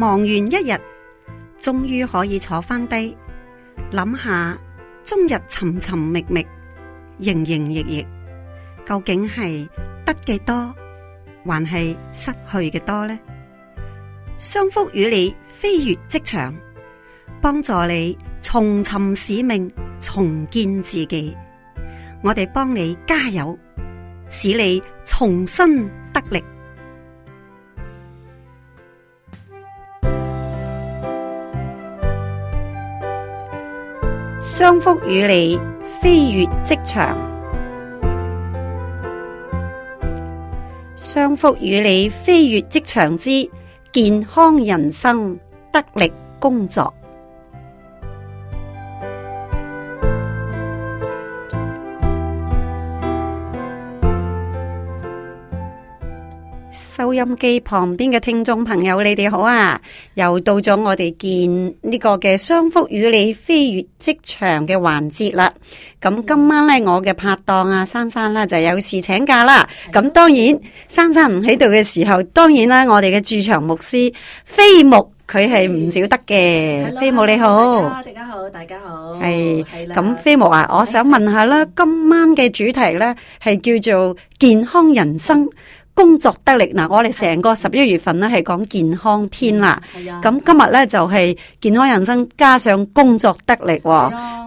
忙完一日，終於可以坐翻低，諗下終日尋尋覓覓，營營役役，究竟係得嘅多，還係失去嘅多呢？商福與你飛越職場，幫助你重尋使命，重建自己。我哋幫你加油，使你重新得力。商福與你飛越職場，商福與你飛越職場之健康人生，得力工作。收音機旁邊嘅聽眾朋友，你哋好啊！又到咗我哋見呢個嘅商福與你飛越職場嘅環節啦。咁今晚咧，我嘅拍檔啊，珊珊啦，就有事請假啦。咁當然，珊珊唔喺度嘅時候，當然啦，我哋嘅駐場牧師飛牧佢係唔少得嘅。飛牧你好，大家好，大家好，大家好，係。咁飛牧啊，我想問下啦，今晚嘅主題咧係叫做健康人生。工作得力嗱，我哋成個十一月份咧係講健康篇啦。咁今日咧就係健康人生加上工作得力。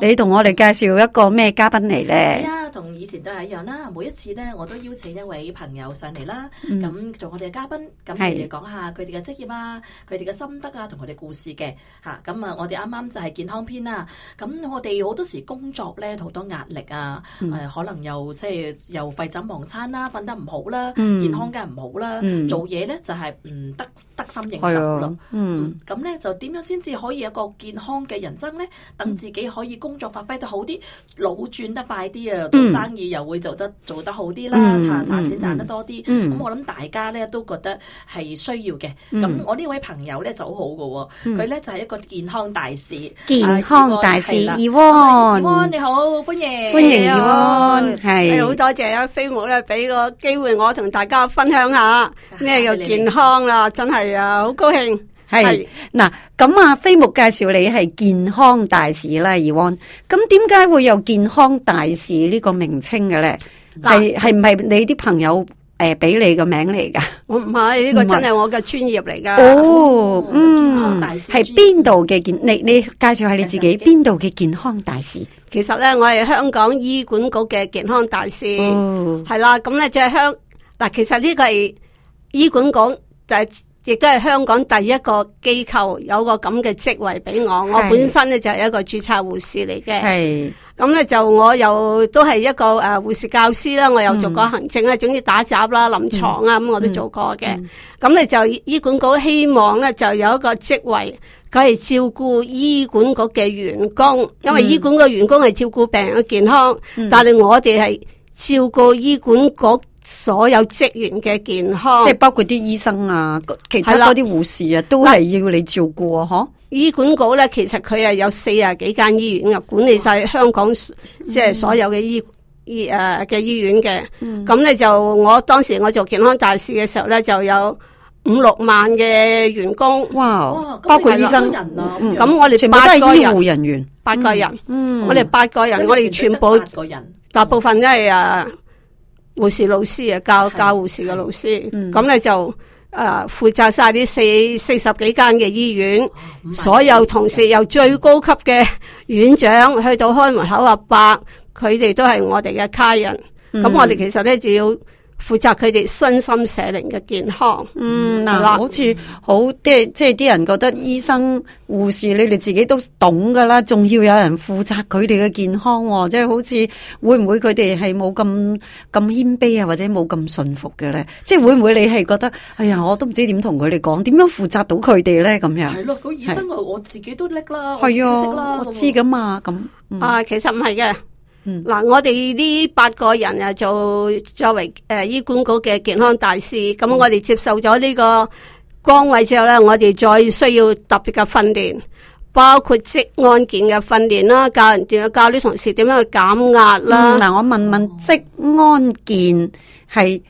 你同我哋介紹一個咩嘉賓嚟呢？同以前都係一樣啦，每一次咧我都邀請一位朋友上嚟啦，咁、嗯、做我哋嘅嘉賓，咁嚟講下佢哋嘅職業啊，佢哋嘅心得啊，同佢哋故事嘅嚇。咁啊，我哋啱啱就係健康篇啦、啊。咁我哋好多時工作咧好多壓力啊，誒、嗯呃、可能又即係、就是、又廢寢忘餐啦、啊，瞓得唔好啦、啊，嗯、健康梗係唔好啦、啊。嗯、做嘢咧就係、是、唔得得心應手咯。嗯，咁咧、嗯、就點樣先至可以有一個健康嘅人生咧？等自己可以工作發揮得好啲，腦轉得快啲啊！生意又會做得做得好啲啦，賺錢賺得多啲。咁我諗大家咧都覺得係需要嘅。咁我呢位朋友咧就好好嘅，佢咧就係一個健康大使，健康大使 Yvonne。Yvonne 你好，歡迎，歡迎 Yvonne，係，好多謝啊，飛牧咧俾個機會我同大家分享下咩叫健康啊，真係啊，好高興。係嗱，咁啊，飛牧介紹你係健康大使啦，Yvonne。咁點解會有健康大使呢個名稱嘅咧？係係唔係你啲朋友誒俾你個名嚟噶？我唔係呢個真係我嘅專業嚟噶。哦，嗯，係邊度嘅健？你你介紹下你自己邊度嘅健康大使。其實咧，我係香港醫管局嘅健康大使。哦，係啦，咁咧就係香嗱，其實呢個係醫管局就係。亦都係香港第一個機構有個咁嘅職位俾我，是我本身咧就係一個註冊護士嚟嘅。係咁咧，就我又都係一個誒護士教師啦，我又做過行政啊，嗯、總之打雜啦、臨床啊，咁、嗯、我都做過嘅。咁咧、嗯、就醫管局希望咧就有一個職位，佢、就、係、是、照顧醫管局嘅員工，因為醫管局嘅員工係照顧病人嘅健康，嗯、但係我哋係照顧醫管局。所有職員嘅健康，即係包括啲醫生啊，其他嗰啲護士啊，都係要你照顧啊，嗬？醫管局咧，其實佢係有四啊幾間醫院啊，管理晒香港即係所有嘅醫醫誒嘅醫院嘅。咁咧就，我當時我做健康大使嘅時候咧，就有五六萬嘅員工，哇！包括醫生人啊，咁我哋全部醫護人員八個人，八個人，我哋八個人，我哋全部，大部分都係啊。護士老師啊，教教護士嘅老師，咁咧的、嗯、就誒負、呃、責晒呢四四十幾間嘅醫院，哦、500, 所有同事由最高級嘅院長去到開門口阿伯，佢哋都係我哋嘅家人，咁、嗯、我哋其實呢，就要。負責佢哋身心社靈嘅健康，嗯嗱、嗯嗯，好似好即係即係啲人覺得醫生護士你哋自己都懂噶啦，仲要有人負責佢哋嘅健康，哦，即係好似會唔會佢哋係冇咁咁謙卑啊，或者冇咁信服嘅咧？即係會唔會你係覺得，哎呀，我都唔知點同佢哋講，點樣負責到佢哋咧？咁樣係咯，嗰個醫生我係我自己都叻啦，係我識啦，係我知噶嘛，咁、嗯、啊，其實唔係嘅。嗱，嗯、我哋呢八個人啊，做作為誒醫管局嘅健康大使，咁、嗯、我哋接受咗呢個崗位之後呢，我哋再需要特別嘅訓練，包括職安健嘅訓練啦，教人點去教啲同事點樣去減壓、嗯嗯、啦。嗱，我問問職、哦、安健係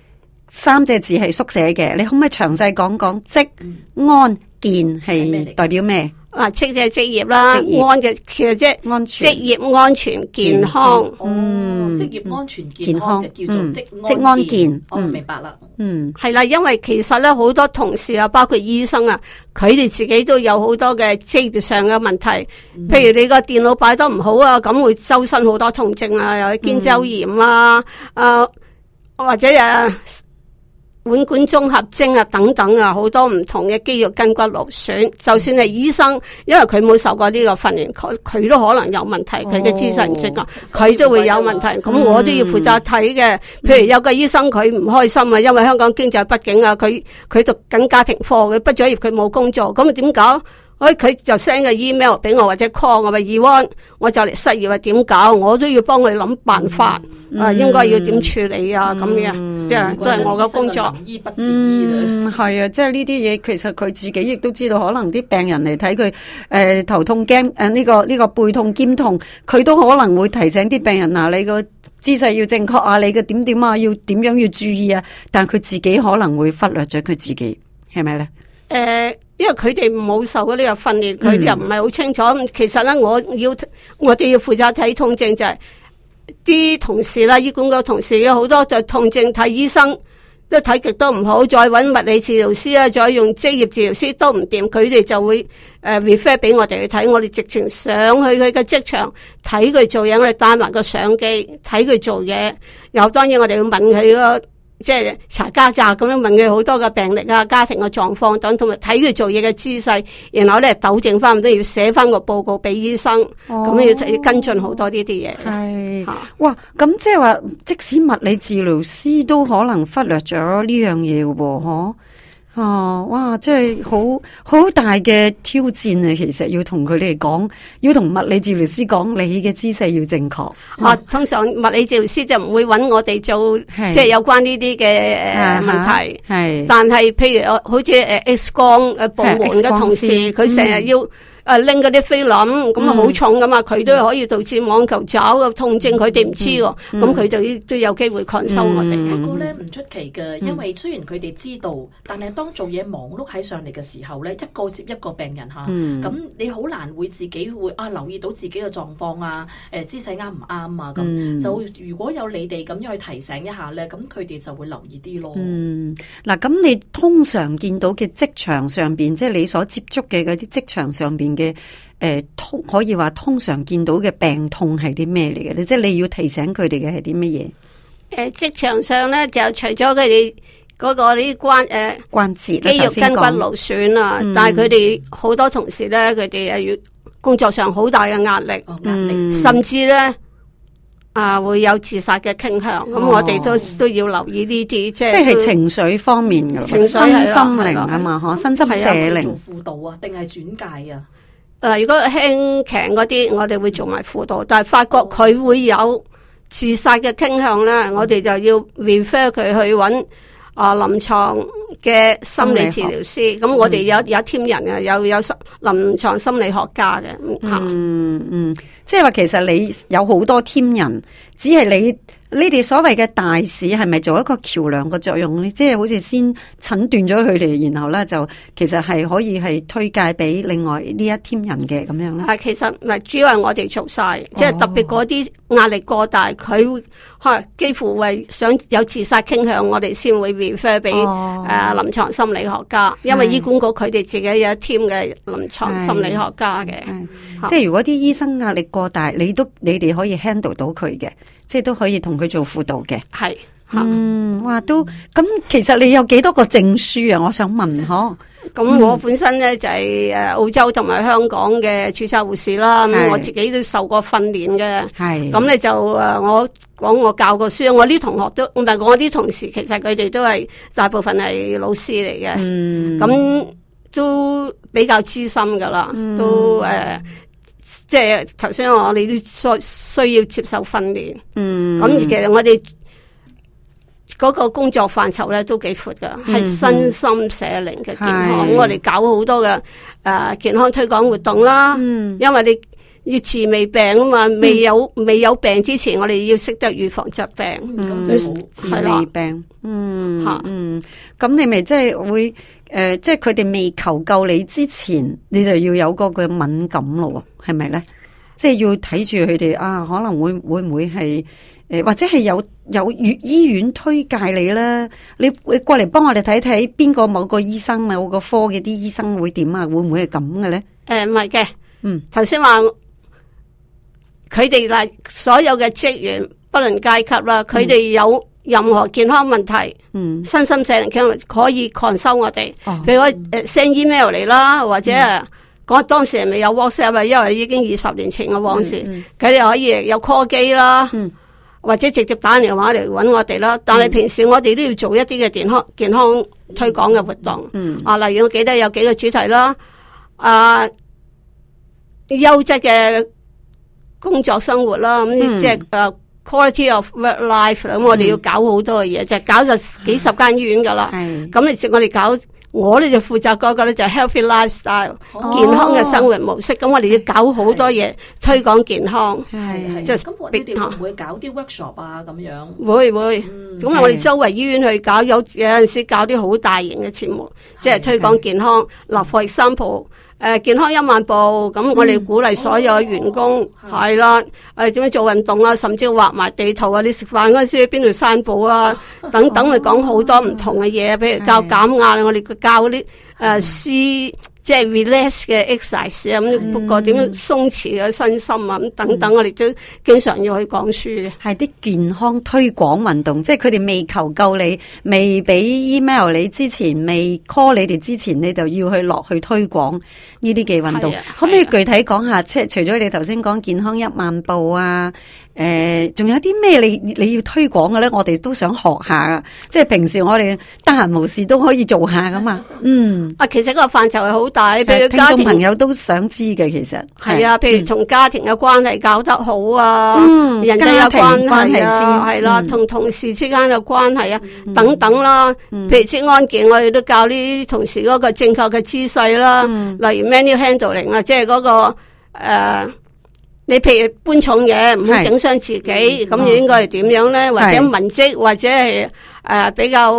三隻字係縮寫嘅，你可唔可以詳細講講職安健係代表咩？嗯啊，即係職業啦，安嘅業其實即係職業安全健康，嗯，職業安全健康即、嗯哦、叫做職安健，嗯健我明白啦，嗯，嗯係啦，因為其實咧好多同事啊，包括醫生啊，佢哋自己都有好多嘅職業上嘅問題，嗯、譬如你個電腦擺得唔好啊，咁會周身好多痛症啊，又肩周炎，嗯、啊，誒或者誒。啊腕管綜合症啊，等等啊，好多唔同嘅肌肉筋骨勞損。就算係醫生，因為佢冇受過呢個訓練，佢佢都可能有問題，佢嘅姿勢唔正確，佢都會有問題。咁我都要負責睇嘅。嗯、譬如有個醫生佢唔開心啊，因為香港經濟不景啊，佢佢讀緊家庭科，佢畢咗業佢冇工作，咁點搞？哎，佢就 send 個 email 俾我或者 call 我咪 Yvonne 我就嚟失業啊？點搞？我都要幫佢諗辦法。嗯啊，應該要點處理啊？咁樣即係都係我嘅工作。不嗯，係啊，即係呢啲嘢，其實佢自己亦都知道，可能啲病人嚟睇佢誒頭痛驚誒呢個呢、呢個背痛肩痛，佢都可能會提醒啲病人嗱、啊，你個姿勢要正確啊，你嘅點點啊，要點樣要注意啊。但係佢自己可能會忽略咗佢自己，係咪咧？誒、呃，因為佢哋冇受過呢個訓練，佢哋又唔係好清楚。其實咧，我要我哋要，要負，負責睇痛症就係、係。啲同事啦，醫管局同事有好多就痛症睇醫生，都睇極都唔好，再揾物理治療師啊，再用職業治療師都唔掂，佢哋就會誒 refer 俾我哋去睇。我哋直情上去佢嘅職場睇佢做嘢，我哋帶埋個相機睇佢做嘢，有當然我，我哋要問佢咯。即係查家宅咁樣問佢好多嘅病歷啊、家庭嘅狀況等，同埋睇佢做嘢嘅姿勢，然後咧糾正翻都要寫翻個報告俾醫生，咁要、哦、要跟進好多呢啲嘢。係是、啊、哇，咁即係話，即使物理治療師都可能忽略咗呢樣嘢喎，嗬、啊。哦，哇！即係好好大嘅挑戰啊，其實要同佢哋講，要同物理治療師講，你嘅姿勢要正確。啊，啊通常物理治療師就唔會揾我哋做，是即係有關呢啲嘅問題。係、啊，但係譬如好似誒 X 光誒部門嘅同事，佢成日要。嗯誒，拎嗰啲菲林咁啊，好重噶嘛，佢都可以導致網球肘嘅痛症，佢哋唔知喎，咁佢哋都有機會困擾我哋。不過咧，唔出奇嘅，因為雖然佢哋知道，但係當做嘢，忙碌喺上嚟嘅時候咧，一個接一個病人吓，咁你好難會自己會啊留意到自己嘅狀況啊，誒姿勢啱唔啱啊咁，就如果有你哋咁樣去提醒一下咧，咁佢哋就會留意啲咯。嗯，嗱，咁你通常見到嘅職場上邊，即係你所接觸嘅嗰啲職場上邊，嘅，誒，通可以話通常見到嘅病痛係啲咩嚟嘅你即係你要提醒佢哋嘅係啲乜嘢？誒，職場上咧就除咗佢哋嗰個啲關誒、呃、關節、啊、肌肉筋骨勞損啊，嗯、但係佢哋好多同事咧，佢哋又要工作上好大嘅壓力，哦、壓力甚至咧啊、呃、會有自殺嘅傾向。咁我哋都都要留意呢啲，即係情緒方面嘅，身心靈啊嘛，嗬，身心社靈。做輔導啊，定係轉介啊？嗱，如果輕強嗰啲，我哋會做埋輔導，但係發覺佢會有自殺嘅傾向咧，嗯、我哋就要 refer 佢去揾啊臨床嘅心理治療師。咁我哋有有一 team 人嘅，有有心臨床心理學家嘅、嗯。嗯嗯，即係話其實你有好多 team 人，只係你。你哋所謂嘅大使係咪做一個橋梁嘅作用咧？即係好似先診斷咗佢哋，然後咧就其實係可以係推介俾另外呢一 team 人嘅咁樣咯。係，其實唔係主要係我哋做晒，哦、即係特別嗰啲壓力過大，佢係幾乎係想有自殺傾向，我哋先會 refer 俾誒、哦呃、臨床心理學家，因為醫管局佢哋自己有一 team 嘅臨床心理學家嘅。哎、好即係如果啲醫生壓力過大，你都你哋可以 handle 到佢嘅，即係都可以同佢。去做輔導嘅。係，吓、嗯，哇，都咁其實你有幾多個證書啊？我想問嗬。咁我本身咧就係、是、澳洲同埋香港嘅註冊護士啦，是我自己都受過訓練嘅。係咁咧就誒，我講，我教過書，我啲同學都唔係我啲同事，其實佢哋都係大部分係老師嚟嘅。嗯，咁都比較資深噶啦，嗯、都誒。呃即係頭先，我哋都需需要接受訓練。嗯，咁其實我哋嗰個工作範疇咧都幾闊噶，係、嗯、身心社靈嘅健康。是我哋搞好多嘅誒健康推廣活動啦，嗯、因為你。要治未病啊嘛，未有未有病之前，我哋要識得預防疾病，咁啦、嗯，治未病，嗯吓是、嗯，嗯，咁你咪即係會誒，即係佢哋未求救你之前，你就要有嗰個，個敏感咯，係咪咧？即、就、係、是、要睇住佢哋啊，可能會會唔會係誒、呃，或者係有有醫院推介你咧？你你過嚟幫我哋睇睇邊個某個醫生某個科嘅啲醫生會點啊？會唔會係咁嘅咧？誒唔係嘅，才嗯，頭先話。佢哋啦，所有嘅職員不論階級啦，佢哋有任何健康問題，嗯、身心社能強可以抗收我哋。哦、譬如我 send email 嚟啦，或者啊講當時係咪有 WhatsApp 啊？因為已經二十年前嘅往事，佢哋、嗯嗯、可以有 call 機啦，嗯、或者直接打電話嚟揾我哋啦。但係平時我哋都要做一啲嘅健康健康推廣嘅活動。啊、嗯，嗯、例如我記得有幾個主題啦，啊，優質嘅。工作生活啦，咁即係誒 quality of work life，咁我哋要搞好多嘅嘢，就搞咗幾十間醫院噶啦。咁你我哋搞，我哋就負責個個咧就 healthy lifestyle，健康嘅生活模式。咁我哋要搞好多嘢，推廣健康。即係咁，我哋會唔會搞啲 workshop 啊？咁樣會會，咁我哋周圍醫院去搞，有有陣時搞啲好大型嘅節目，即係推廣健康、立肺、心保。誒健康一萬步，咁我哋鼓勵所有員工係啦，誒點、嗯哦、樣做運動啊，甚至畫埋地圖啊，你食飯嗰陣時邊度散步啊，哦、等等，你講好多唔同嘅嘢，比、哦、如教減壓，的我哋教嗰啲誒師。的即係 release 嘅 exercise 啊、嗯，咁不過點樣鬆弛嘅身心啊，咁等等，嗯、我哋都經常要去講書嘅。係啲健康推廣運動，即係佢哋未求救你，未俾 email 你之前，未 call 你哋之前，你就要去落去推廣呢啲嘅運動。嗯啊啊、可唔可以具體講下？即係除咗你頭先講健康一萬步啊？誒，仲、呃、有啲咩你你要推廣嘅咧？我哋都想學下，即係平時我哋得閒無事都可以做下噶嘛。嗯，啊，其實嗰個範疇係好大，譬如家聽眾朋友都想知嘅，其實係啊。譬如從家庭嘅關係搞得好啊，嗯、人際有關關係啊，係啦，同、嗯啊、同事之間嘅關係啊，嗯、等等啦、啊。嗯、譬如職安健，我哋都教啲同事嗰個正確嘅姿勢啦、啊，嗯、例如 manual handling 啊、那個，即係嗰個誒。你譬如搬重嘢，唔好整傷自己，咁是應該係點樣咧？或者文職或者係誒、呃、比較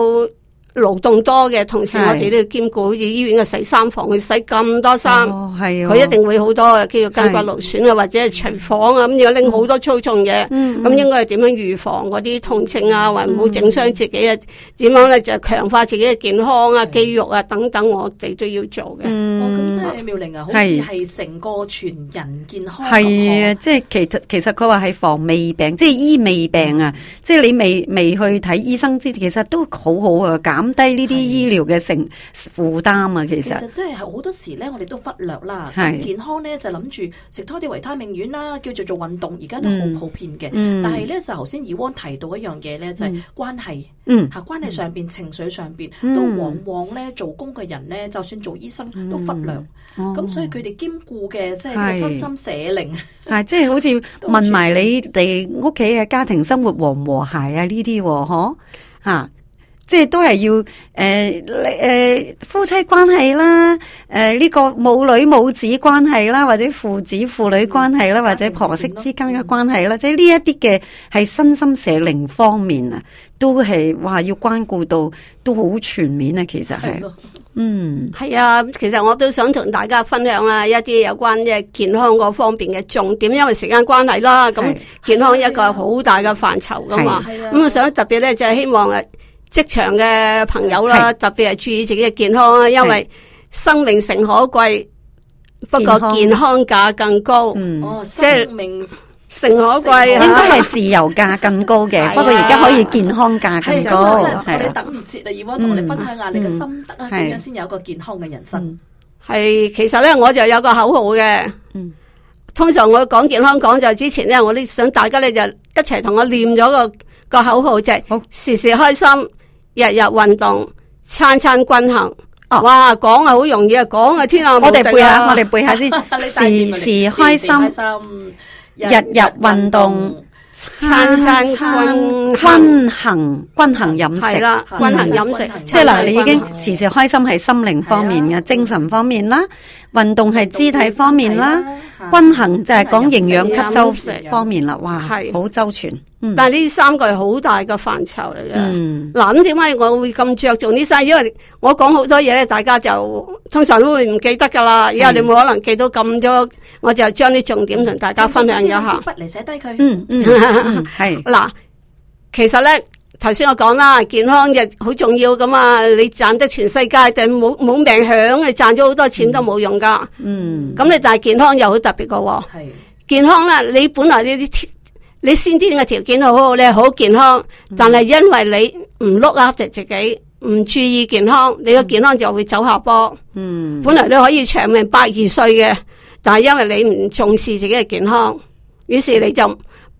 勞動多嘅，同時我哋都要兼顧，好似醫院嘅洗衫房，佢洗咁多衫，佢、哦哦、一定會好多嘅肌肉筋骨勞損啊，是或者係廚房啊，咁要拎好多粗重嘢，咁、嗯嗯、應該係點樣預防嗰啲痛症啊，或者唔好整傷自己啊？點、嗯嗯、樣咧就強化自己嘅健康啊、嗯、肌肉啊等等，我哋都要做嘅。嗯妙玲啊，好似係成個全人健康。係啊，即係其實其實佢話係防未病，即係醫未病啊！即係你未未去睇醫生之前，其實都好好啊，減低呢啲醫療嘅成負擔啊！其實即係好多時咧，我哋都忽略啦。健康咧，就諗住食多啲維他命丸啦，叫做做運動，而家都好普遍嘅。但係咧就頭先 Yvonne 提到一樣嘢咧，就係關係。嗯，吓關係上邊、情緒上邊，都往往咧，做工嘅人咧，就算做醫生都忽略。咁、哦、所以佢哋兼顧嘅，即係身心社靈，係即係好似問埋你哋屋企嘅家庭生活和唔和諧啊？呢啲嗬吓，即係、啊就是、都係要誒誒、呃呃、夫妻關係啦，誒、呃、呢、這個母女母子關係啦，或者父子父女關係啦，嗯、或者婆媳之間嘅關係啦，即係呢一啲嘅係身心社靈方面啊，都係話要關顧到都好全面啊，其實係。嗯，係啊，其實我都想同大家分享啊，一啲有關即係健康個方面嘅重點，因為時間關係啦。咁是健康一個好大嘅範疇噶嘛。咁、啊啊啊、我想特別咧，就係、是、希望誒，職場嘅朋友啦，是特別係注意自己嘅健康啊，因為生命誠可貴，是不過健康價康更高。即係。誠可貴啊，應該係自由價更高嘅，不過而家可以健康價更高。係啊，我真係怕你等唔切啊！Yvonne 同我哋分享下你嘅心得啊，點樣先有一個健康嘅人生？係，其實咧我就有個口號嘅。嗯，通常我講健康講就之前咧，我都想大家咧就一齊同我念咗個個口號，即係時時開心，日日運動，餐餐均衡。哇，講係好容易啊，講係天下無敵啊！我哋背下，我哋背下先。時時開心。日日，運動，餐，餐，餐，餐，均衡，均衡飲食，均衡飲食。運動係肢體方面啦，均衡就係講營養吸收方面啦，哇，係，好周全。嗯、但係呢三個係好大嘅範疇嚟嘅。嗱、嗯，咁點解我會咁着重呢三？因為我講好多嘢咧，大家就通常都會唔記得噶啦。嗯、以後你冇可能記到咁多，我就將啲重點同大家分享一下，筆嚟寫低佢。嗯嗯，係嗱，其實咧。頭先我講啦，健康嘅好重要㗎嘛。你賺得全世界，就冇冇命享，你賺咗好多錢都冇用噶。嗯、咁你但係健康又好特別噶、哦。係是健康啦，你本來呢啲你先天嘅條件好好，你好健康，嗯，但係因為你唔碌下食自己，唔注意健康，你個健康就會走下坡。嗯、本來你可以長命百二歲嘅，但係因為你唔重視自己嘅健康，於是你就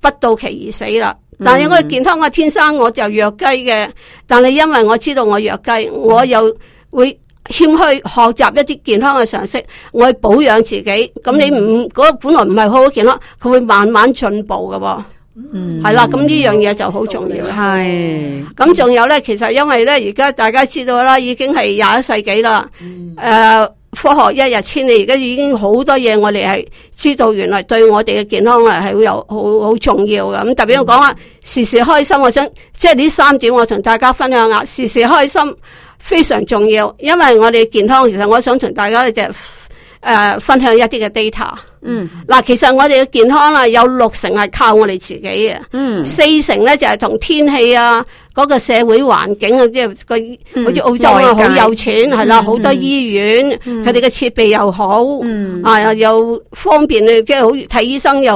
不到期而死啦。但係我健康，我天生我就弱雞嘅。但係因為我知道我弱雞，我又會謙虛學習一啲健康嘅常識，我去保養自己。咁你唔嗰本來唔係好好健康，佢會慢慢進步嘅。嗯，係啦，咁呢樣嘢就好重要。係。嗯，咁，嗯，仲有呢？其實因為呢，而家大家知道啦，已經係廿一世紀啦。誒，嗯、呃，科學一日千里，而家已經好多嘢我哋係知道，原來對我哋嘅健康啊係會有好好重要嘅。咁特別我講話，嗯，時時開心，我想即係呢三點，我同大家分享下。時時開心非常重要，因為我哋健康。其實我想同大家就誒，呃，分享一啲嘅 data。嗯，嗱，其實我哋嘅健康啦，有六成係靠我哋自己嘅，嗯、四成咧就係同天氣啊。嗰個社會環境啊，即係個好似澳洲啊，好、嗯、有錢係啦，好多醫院，佢哋嘅設備又好，嗯、啊又方便咧，即係好睇醫生又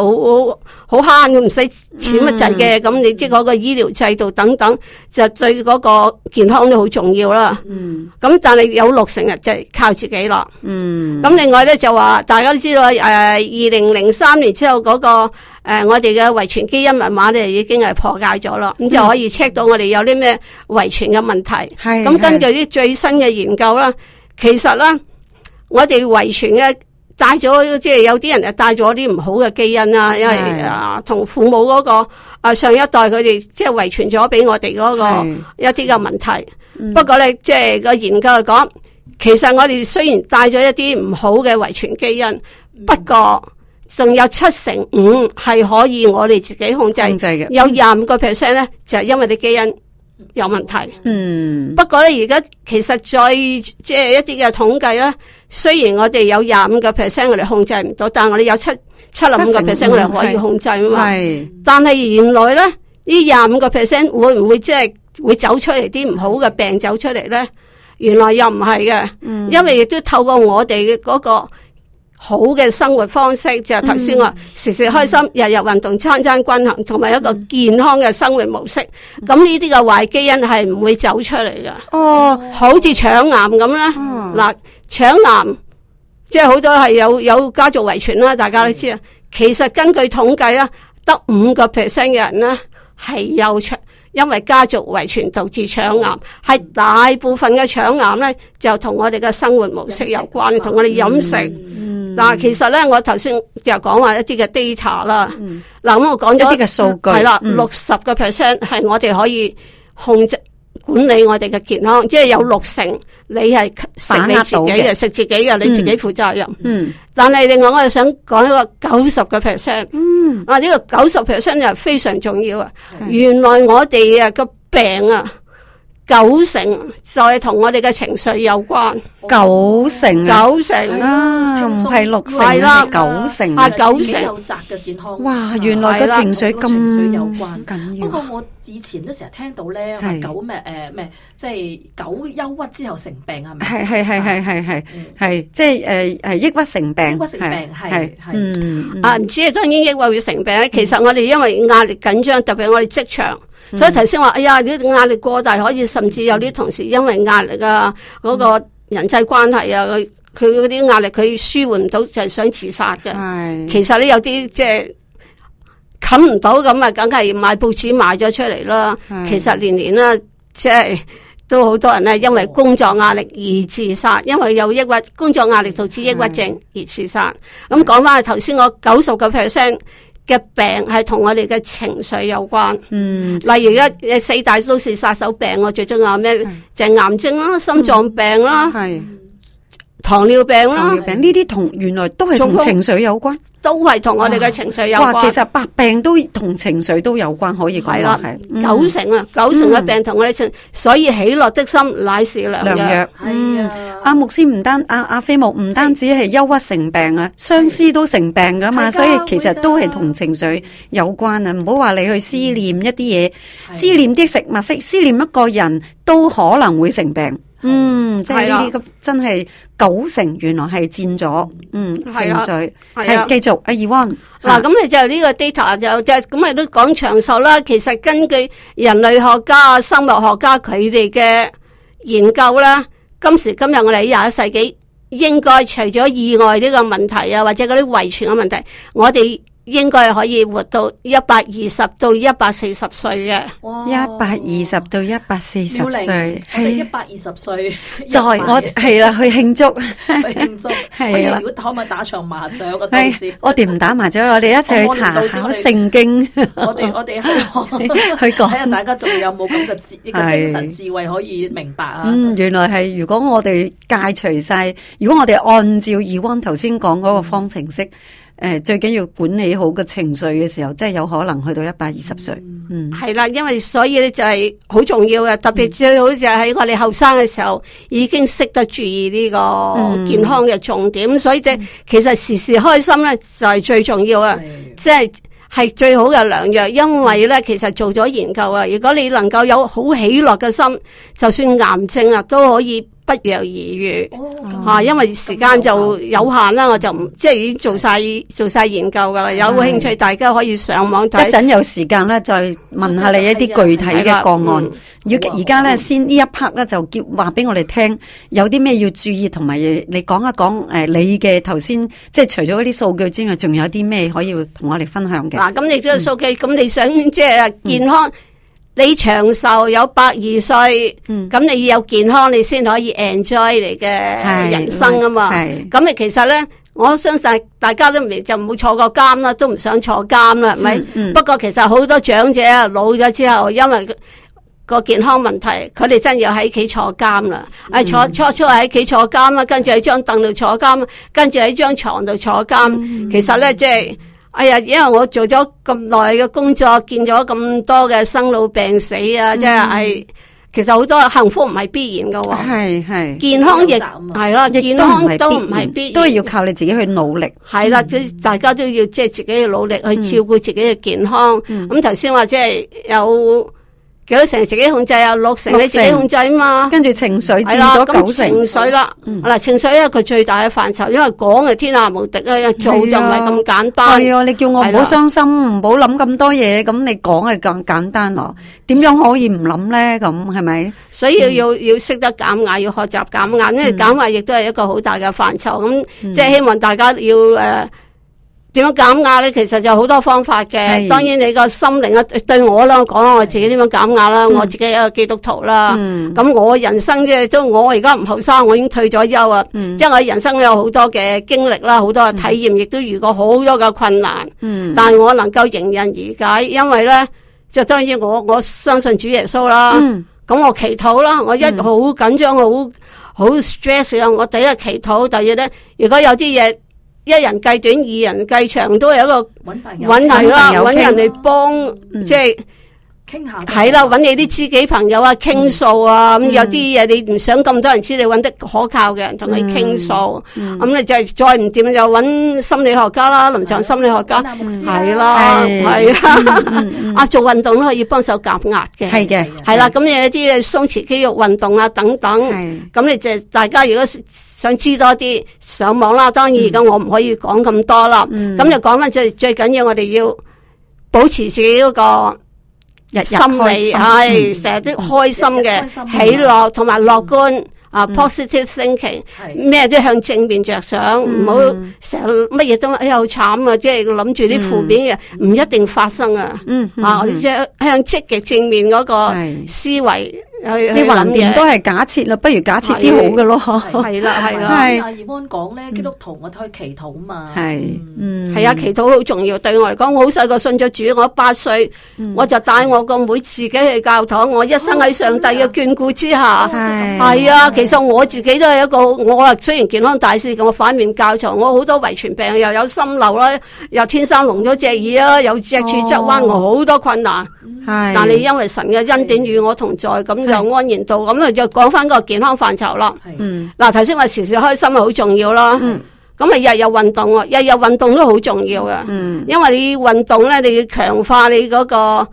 好好慳，唔使錢乜滯嘅，咁、嗯、你即係嗰個醫療制度等等，就對嗰個健康都好重要啦。咁、嗯、但係有六成日就係靠自己啦。咁、嗯、另外咧就話大家都知道誒，二零零三年之後嗰、那個。誒、呃，我哋嘅遺傳基因密碼咧已經係破解咗咯，咁、嗯、就可以 check 到我哋有啲咩遺傳嘅問題。係，咁根據啲最新嘅研究啦，其實啦，我哋遺傳嘅帶咗，即、就、係、是、有啲人啊帶咗啲唔好嘅基因啦，因為是啊，同父母嗰、那個啊上一代佢哋即係遺傳咗俾我哋嗰個一啲嘅問題。嗯、不過咧，即、就、係、是、個研究嚟講，其實我哋雖然帶咗一啲唔好嘅遺傳基因，嗯、不過。仲有七成五係可以我哋自己控制嘅，制有廿五個 percent 咧，就係因為你基因有問題。嗯，不過咧，而家其實最即係一啲嘅統計咧，雖然我哋有廿五個 percent 我哋控制唔到，但係我哋有七七十五個 percent 我哋可以控制啊嘛。係，但係原來咧呢廿五個 percent 會唔會即係會走出嚟啲唔好嘅病走出嚟咧？原來又唔係嘅，嗯、因為亦都透過我哋嘅嗰個。好嘅生活方式，就頭先我時時開心，嗯、日日運動，餐餐均衡，同埋一個健康嘅生活模式。咁呢啲嘅壞基因係唔會走出嚟噶。哦，好似腸癌咁啦，嗱、哦，腸癌即係好多係有有家族遺傳啦。大家都知啊，嗯、其實根據統計啦，得五個 percent 嘅人呢係有腸，因為家族遺傳導致腸癌，係、嗯、大部分嘅腸癌呢，就同我哋嘅生活模式有關，同我哋飲食。嗯嗯嗯嗯嗯嗯嗱，嗯、其實咧，我頭先就講話一啲嘅 data 啦。嗱、嗯，咁我講咗啲嘅數據，係啦，六十個 percent 係我哋可以控制、嗯、管理我哋嘅健康，即係有六成你係食你自己嘅，食自己嘅，你自己負責任。嗯。嗯，但係另外，我又想講一個九十個 percent。嗯、啊，呢、呢個九十 percent 又非常重要啊！嗯、原來我哋啊個病啊～九成就係同我哋嘅情緒有關，九成啊，九成啦，唔係六成，係啦，九成啊，九成有責嘅健康，哇，原來個情緒咁緊要。不過我以前都成日聽到咧，話九咩誒咩，即係九憂鬱之後成病係咪？係係係係係係，係即係誒係抑鬱成病，抑鬱成病係係，嗯啊唔知啊，當然抑鬱會成病。其實我哋因為壓力緊張，特別我哋職場。所以頭先話，哎呀，如果壓力過大，可以甚至有啲同事因為壓力啊，嗰、嗯、個人際關係啊，佢佢嗰啲壓力佢舒緩唔到，就係、是、想自殺嘅。是其實咧有啲即係冚唔到咁啊，梗係賣報紙賣咗出嚟啦。是其實年年啦，即、就、係、是、都好多人咧，因為工作壓力而自殺，因為有抑鬱，工作壓力導致抑鬱症而自殺。咁講翻頭先，是我九十九 percent，嘅病係同我哋嘅情緒有關，嗯、例如一四大都是殺手病，我最中意咩？就係癌症啦、心臟病啦。嗯嗯糖尿病啦，呢啲同原來都係同情緒有關，都係同我哋嘅情緒有關。哇，其實百病都同情緒都有關，可以講啦，九成啊，九成嘅病同我哋情，所以喜樂的心乃是良良藥。係阿牧師唔單阿阿飛牧唔單止係憂鬱成病啊，相思都成病噶嘛，所以其實都係同情緒有關啊。唔好話你去思念一啲嘢，思念啲食物式，思念一個人都可能會成病。音音嗯，的即係呢啲真係九成原來係佔咗，的嗯情緒係繼續。阿 Yvonne，嗱，咁你就呢個 data 就即咁你都講長壽啦。其實根據人類學家啊、生物學家佢哋嘅研究啦，今時今日我哋廿一世紀應該除咗意外呢個問題啊，或者嗰啲遺傳嘅問題，我哋。應該係可以活到一百二十到一百四十歲嘅，一百二十到一百四十歲，係一百二十歲。在我係啦，去慶祝慶祝係啦。可唔可以打場麻雀？個同事，我哋唔打麻雀，我哋一齊去查下聖經。我哋我哋去去講睇下，大家仲有冇咁嘅智？呢個精神智慧可以明白啊？嗯，原來係如果我哋戒除晒，如果我哋按照二溫頭先講嗰個方程式。誒，最緊要管理好個情緒嘅時候，即係有可能去到一百二十歲。嗯，係啦、嗯，因為所以咧就係好重要嘅，特別最好就係喺我哋後生嘅時候已經識得注意呢個健康嘅重點，嗯、所以即係其實時時開心咧就係最重要啊！即係係最好嘅良藥，因為咧其實做咗研究啊，如果你能夠有好喜樂嘅心，就算癌症啊都可以。不約而遇，吓，因為時間就有限啦，我就唔即係已經做晒做晒研究噶啦。有興趣，大家可以上網睇。一陣有時間咧，再問下你一啲具體嘅個案。要而家咧，先呢一 part 咧就結話俾我哋聽，有啲咩要注意，同埋你講一講誒，你嘅頭先即係除咗啲數據之外，仲有啲咩可以同我哋分享嘅？嗱，咁你即有數據，咁你想即係健康？你長壽有百二歲，咁、嗯、你要有健康，你先可以 enjoy 你嘅人生啊嘛。咁你、嗯、其實咧，我相信大家都未就冇坐過監啦，都唔想坐監啦，係咪、嗯？嗯、不過其實好多長者老咗之後，因為個健康問題，佢哋真要喺企坐監啦，係、嗯、坐坐坐喺企坐監啦，跟住喺張凳度坐監，跟住喺張床度坐監。其實咧，即、就、係、是。哎呀，因為我做咗咁耐嘅工作，見咗咁多嘅生老病死啊，即係，嗯、其實好多幸福唔係必然嘅，係係健康亦係咯，健康都唔係必然都係要靠你自己去努力。係、嗯、啦，即、即係、大家都要即係、即係、自己去努力去照顧自己嘅健康。咁頭先話即係有。幾多成自己控制啊？六成你自己控制啊嘛。跟住情緒佔咗九成。係啦，咁情緒啦。嗱，情緒，因為佢最大嘅範疇，因為講嘅天下無敵啊，做就唔係咁簡單。係啊，你叫我唔好傷心，唔好諗咁多嘢，咁你講係咁簡單咯？點樣可以唔諗咧？咁係咪？所以要要要識得減壓，要學習減壓，因為減壓亦都係一個好大嘅範疇。咁即係希望大家要誒。點樣減壓咧？其實有好多方法嘅。是當然你個心靈啊，對我啦，講我自己點樣減壓啦。是我自己一個基督徒啦。咁、嗯、我人生即係，都我而家唔後生，我已經退咗休啊。嗯、即係我人生咧，有好多嘅經歷啦，好多嘅體驗，亦都遇過好多嘅困難。嗯、但係我能夠迎刃而解，因為咧，就當然我我相信主耶穌啦。咁、嗯、我祈禱啦，我一好緊張，好好 stress 啊，我第一祈禱，第二咧，如果有啲嘢。一人計短，二人計長，都係一個揾人囉，揾人嚟幫，即係。傾下，係啦，搵你啲知己朋友啊傾訴啊，咁有啲嘢你唔想咁多人知，你搵得可靠嘅人同你傾訴。咁你就再唔掂就搵心理學家啦，臨牀心理學家。係啦，係啦，啊做運動都可以幫手減壓嘅。係嘅，係啦，咁有啲嘅鬆弛肌肉運動啊等等。咁你就大家如果想知多啲，上網啦。當然而家我唔可以講咁多啦。咁就講翻即係最緊要，我哋要保持自己嗰個。日日開心，係成日啲開心嘅喜樂，同埋樂觀啊，positive thinking，咩都向正面着想，唔好成日乜嘢都哎好慘啊！即係諗住啲負面嘅，唔一定發生啊。啊，我哋只向積極正面嗰個思維。你橫掂都係假設咯，不如假設啲好嘅咯。係啦、啊，係啦、啊。阿 Yvonne 講咧，基督徒我都推祈禱啊嘛。係、啊，嗯，係啊，祈禱好重要。對我嚟講，我好細個信咗主，我八歲、嗯、我就帶我個妹，妹自己去教堂。我一生喺上帝嘅眷顧之下。係、哦，哦、啊，啊，其實我自己都係一個，我啊雖然健康大使，我反面教材，我好多遺傳病，又有心漏啦，又天生聾咗隻耳啊，有脊柱側彎，我好、哦、多困難。嗯、但係你因為神嘅恩典與我同在咁。是嗯就安然度咁啊。就講翻個健康範疇咯。嗱、嗯，頭先話時時開心咪好重要咯。咁咪、嗯、日日運動啊，日日運動都好重要噶。嗯、因為你運動咧，你要強化你嗰、那個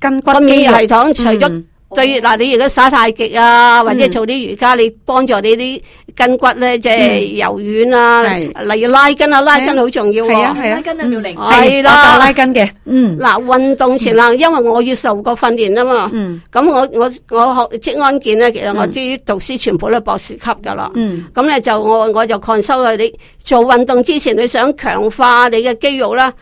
筋骨免疫系統，除咗、嗯。對，嗱你如果耍太極啊，或者做啲瑜伽，你幫助你啲筋骨咧，即、就、係、是、柔軟啊。例如、嗯、拉筋啊，拉筋好重要喎。啊，係啊，啊啊拉筋啊妙玲。係啦、啊，拉筋嘅。嗯。嗱，運動前啦，嗯、因為我要受過訓練啊嘛。嗯。咁我我我學職安健咧，其實我啲導師全部都博士級噶啦。嗯。咁咧就我我就 c 收佢 s 做運動之前，你想強化你嘅肌肉啦。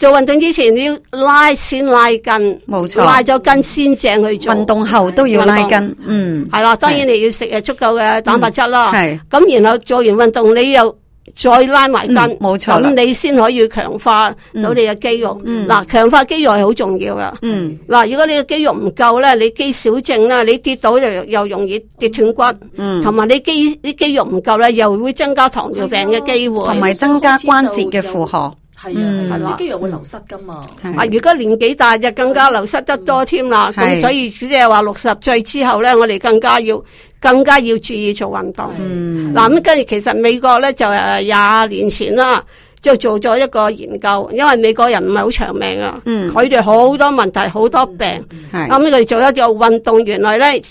做運動之前你要拉先拉筋，冇錯錯，拉咗筋先正去做。運動後都要拉筋，動嗯，係啦。當然你要食誒足夠嘅蛋白質啦。係咁是，然後做完運動你又再拉埋筋，冇錯啦，咁你先可以強化到你嘅肌肉。嗯，嗱、嗯，強化肌肉係好重要噶。嗯，嗱，如果你嘅肌肉唔夠咧，你肌少症啦，你跌倒又又容易跌斷骨。同埋、嗯、你肌啲肌肉唔夠咧，又會增加糖尿病嘅機會，同埋、嗯、增加關節嘅負荷。嗯嗯係啊，肌肉會流失噶嘛？啊，而家年紀大就更加流失得多添啦。咁所以即係話六十歲之後咧，我哋更加要更加要注意做運動。嗱，咁跟住其實美國咧就廿年前啦，就做咗一個研究，因為美國人唔係好長命啊，佢哋好多問題好多病。咁佢哋做一做運動，原來咧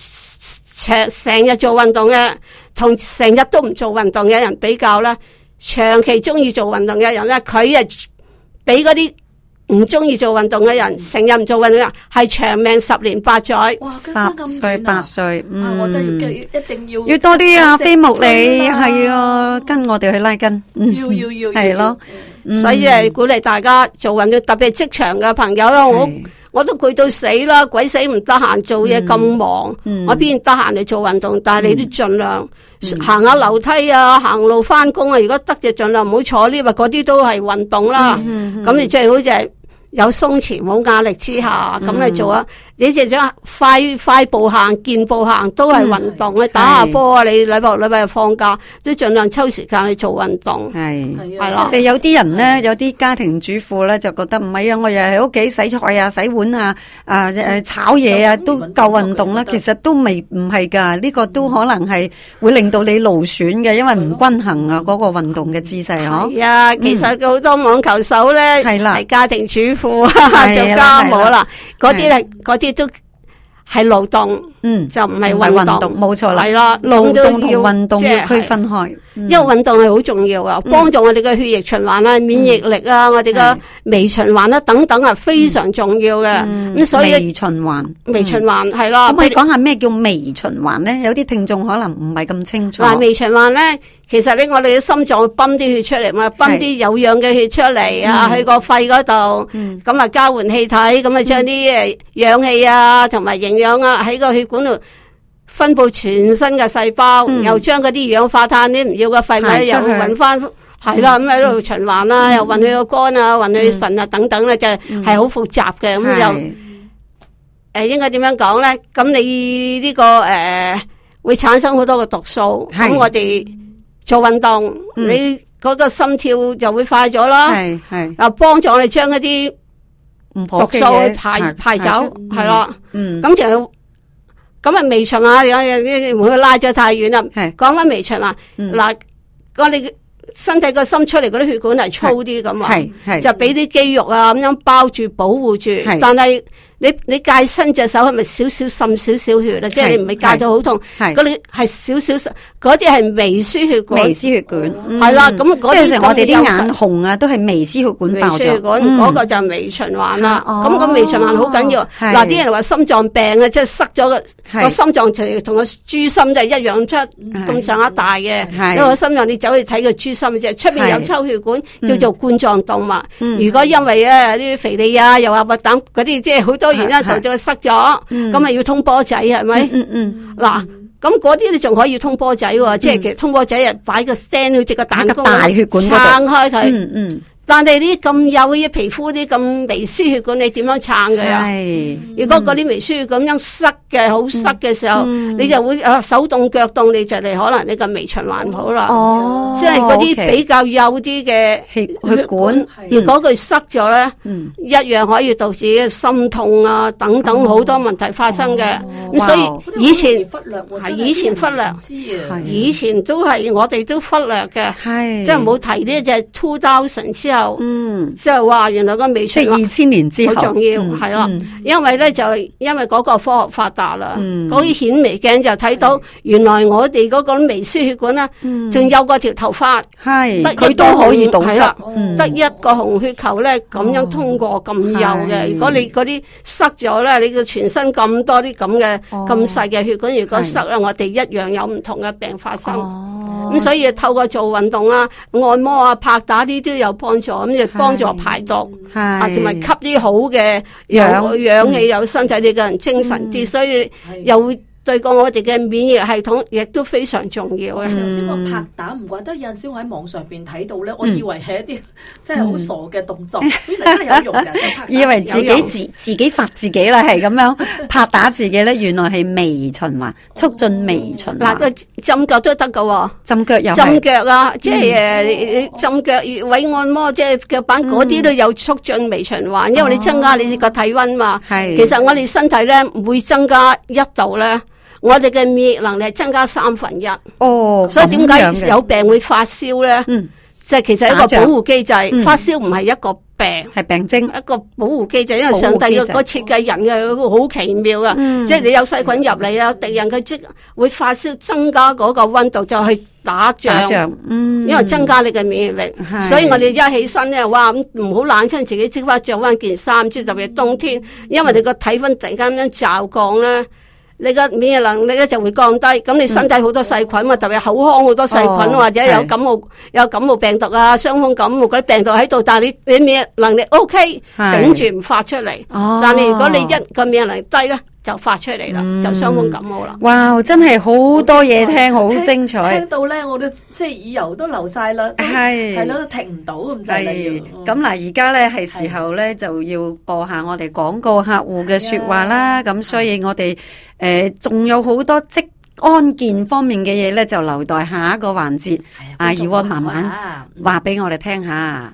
成成日做運動嘅，同成日都唔做運動嘅人比較咧。長期中意做運動嘅人咧，佢係比嗰啲唔中意做運動嘅人，成日唔做運動嘅人係長命十年八載，十歲八歲，嗯，一定要要多啲阿飛牧你係啊，跟我哋去拉筋，要要要，係咯，所以係鼓勵大家做運動，特別職場嘅朋友咯，我。我都攰到死啦，鬼死唔得閒做嘢咁、嗯、忙，嗯、我邊然得閒嚟做運動，但係你都盡量行、嗯、下樓梯啊，行路翻工啊，如果得就盡量唔好坐呢 i 嗰啲都係運動啦。咁你、嗯嗯嗯嗯、最好就係有鬆弛、冇壓力之下咁、嗯嗯、你做啊。你就想快快步行、健步行都係運動啊！打下波啊！你禮拜禮拜放假都儘量抽時間去做運動。係係咯，即係有啲人咧，有啲家庭主婦咧，就覺得唔係啊！我又喺屋企洗菜啊、洗碗啊、啊誒炒嘢啊，都夠運動啦。其實都未唔係㗎，呢個都可能係會令到你勞損嘅，因為唔均衡啊！嗰個運動嘅姿勢呵。啊，其實好多網球手咧係家庭主婦做家務啦，啲係嗰啲。都係勞動。嗯，就唔係為運動，冇錯啦，係啦，勞動同運動要區分開，因為運動係好重要噶幫助我哋嘅血液循環啦、免疫力啊、我哋嘅微循環啦等等係非常重要嘅。咁所以微循環，微循環係咯，可唔可以講下咩叫微循環咧？有啲聽眾可能唔係咁清楚。嗱，微循環咧，其實咧，我哋嘅心臟泵啲血出嚟嘛，泵啲有氧嘅血出嚟啊，去個肺嗰度，咁啊交換氣體，咁啊將啲誒氧氣啊同埋營養啊喺個血。管度分布全身嘅細胞，又將嗰啲二氧化碳、啲唔要嘅廢物又運翻，係啦咁喺度循環啦，又運去個肝啊，運去腎啊，等等咧，就係好複雜嘅。咁又誒，應該點樣講咧？咁你呢個誒會產生好多嘅毒素。咁我哋做運動，你嗰個心跳就會快咗啦，係係又幫助我哋將一啲唔好毒素排排走，係咯，咁就。咁啊，微長啊，有有啲唔會拉咗太遠啦。係講翻微長啊，嗱、嗯，我你身體個心出嚟嗰啲血管係粗啲咁啊，就俾啲肌肉啊咁樣包住保護住，是但係。你你戒伸隻手係咪少少滲少少血啊？即係你唔係戒到好痛，嗰啲係少少，嗰啲係微絲血管。微絲血管，係啦，咁嗰啲嗰啲眼紅啊，都係微絲血管爆咗。嗯，即係我哋啲眼紅啊，都係微絲血管爆咗。嗯，嗰個就係微循環啦。哦，咁個微循環好緊要。嗱，啲人話心臟病啊，即係塞咗個心臟，同個豬心就一樣出咁上下大嘅。因為心臟你走去睇個豬心即係，出邊有抽血管叫做冠狀動脈。如果因為啊啲肥膩啊，又話核等嗰啲，即係好多。然之後就再塞咗，咁啊是要通波仔係咪？嗱、嗯，咁嗰啲你仲可以通波仔，哦，嗯、即係其實通波仔啊，擺個聲去隻個蛋，個大血管撐開佢。嗯嗯但係啲咁幼嘅皮膚啲咁微絲血管，你點樣撐佢啊？係，如果啲微絲血管咁樣塞嘅，好塞嘅時候，你就會啊手凍腳凍，你就嚟可能啲個微循環唔好啦。哦，即係啲比較幼啲嘅血管，如果佢塞咗咧，一樣可以導致心痛啊等等好多問題發生嘅。咁所以以前忽略，係以前忽略，以前都係我哋都忽略嘅，係即係唔好提呢一隻 two o 粗皺神經啊。嗯，即係話原來個微絲，即係二千年之後重要係啦，因為咧就因為嗰個科學發達啦，嗰啲顯微鏡就睇到原來我哋嗰個微絲血管咧，仲有個條頭髮係，佢都可以堵塞，得一個紅血球咧咁樣通過咁幼嘅。如果你嗰啲塞咗咧，你個全身咁多啲咁嘅咁細嘅血管，如果塞咧，我哋一樣有唔同嘅病發生。咁、嗯、所以透過做運動啊、按摩啊、拍打啲都有幫助，咁就是幫助排毒，啊是，同埋吸啲好嘅氧、嗯、氧氣，又身體你個人精神啲，嗯、所以又。對個我哋嘅免疫系統亦都非常重要嘅。頭先我拍打，唔怪得，有陣時我喺網上邊睇到咧，嗯、我以為係一啲真係好傻嘅動作，嗯、 以為自己自己自己發自己啦，係咁 樣拍打自己咧，原來係微循環，促進 微循環。嗱、啊，浸腳都得噶，哦，浸腳又浸腳啊，即係誒，浸腳、嗯、穴位按摩，即係腳板嗰啲都有促進微循環，因為你增加你個體溫嘛。係、啊，其實我哋身體咧會增加一度咧。我哋嘅免疫能力增加三分一，哦，所以點解有病會發燒咧？即係其實一個保護機制，發燒唔係一個病，係病徵，一個保護機制。因為上帝個個設計人係好奇妙啊！即係你有細菌入嚟啊，敵人佢即會發燒，增加嗰個溫度就去打仗，嗯，因為增加你嘅免疫力。所以我哋一起身咧，哇咁唔好冷親自己，即刻着翻件衫，即係特別冬天，因為你個體溫突然間咁樣驟降咧。你個免疫能力一就會降低，咁你身體好多細菌啊，嗯、特別口腔好多細菌，哦、或者有感冒是有感冒病毒啊，傷風感冒嗰啲病毒喺度，但係你你免疫能力 O K，頂住唔發出嚟，哦、但係如果你一個免疫能力低咧。就發出嚟啦，就傷風感冒啦。哇，真係好多嘢聽，好精彩！聽到咧，我都即係耳油都流晒啦，係係咯，都停唔到咁滯。咁嗱，而家咧係時候咧就要播下我哋廣告客戶嘅說話啦。咁所以我哋誒，仲有好多職安健方面嘅嘢咧，就留待下一個環節。啊，要我慢慢話俾我哋聽下。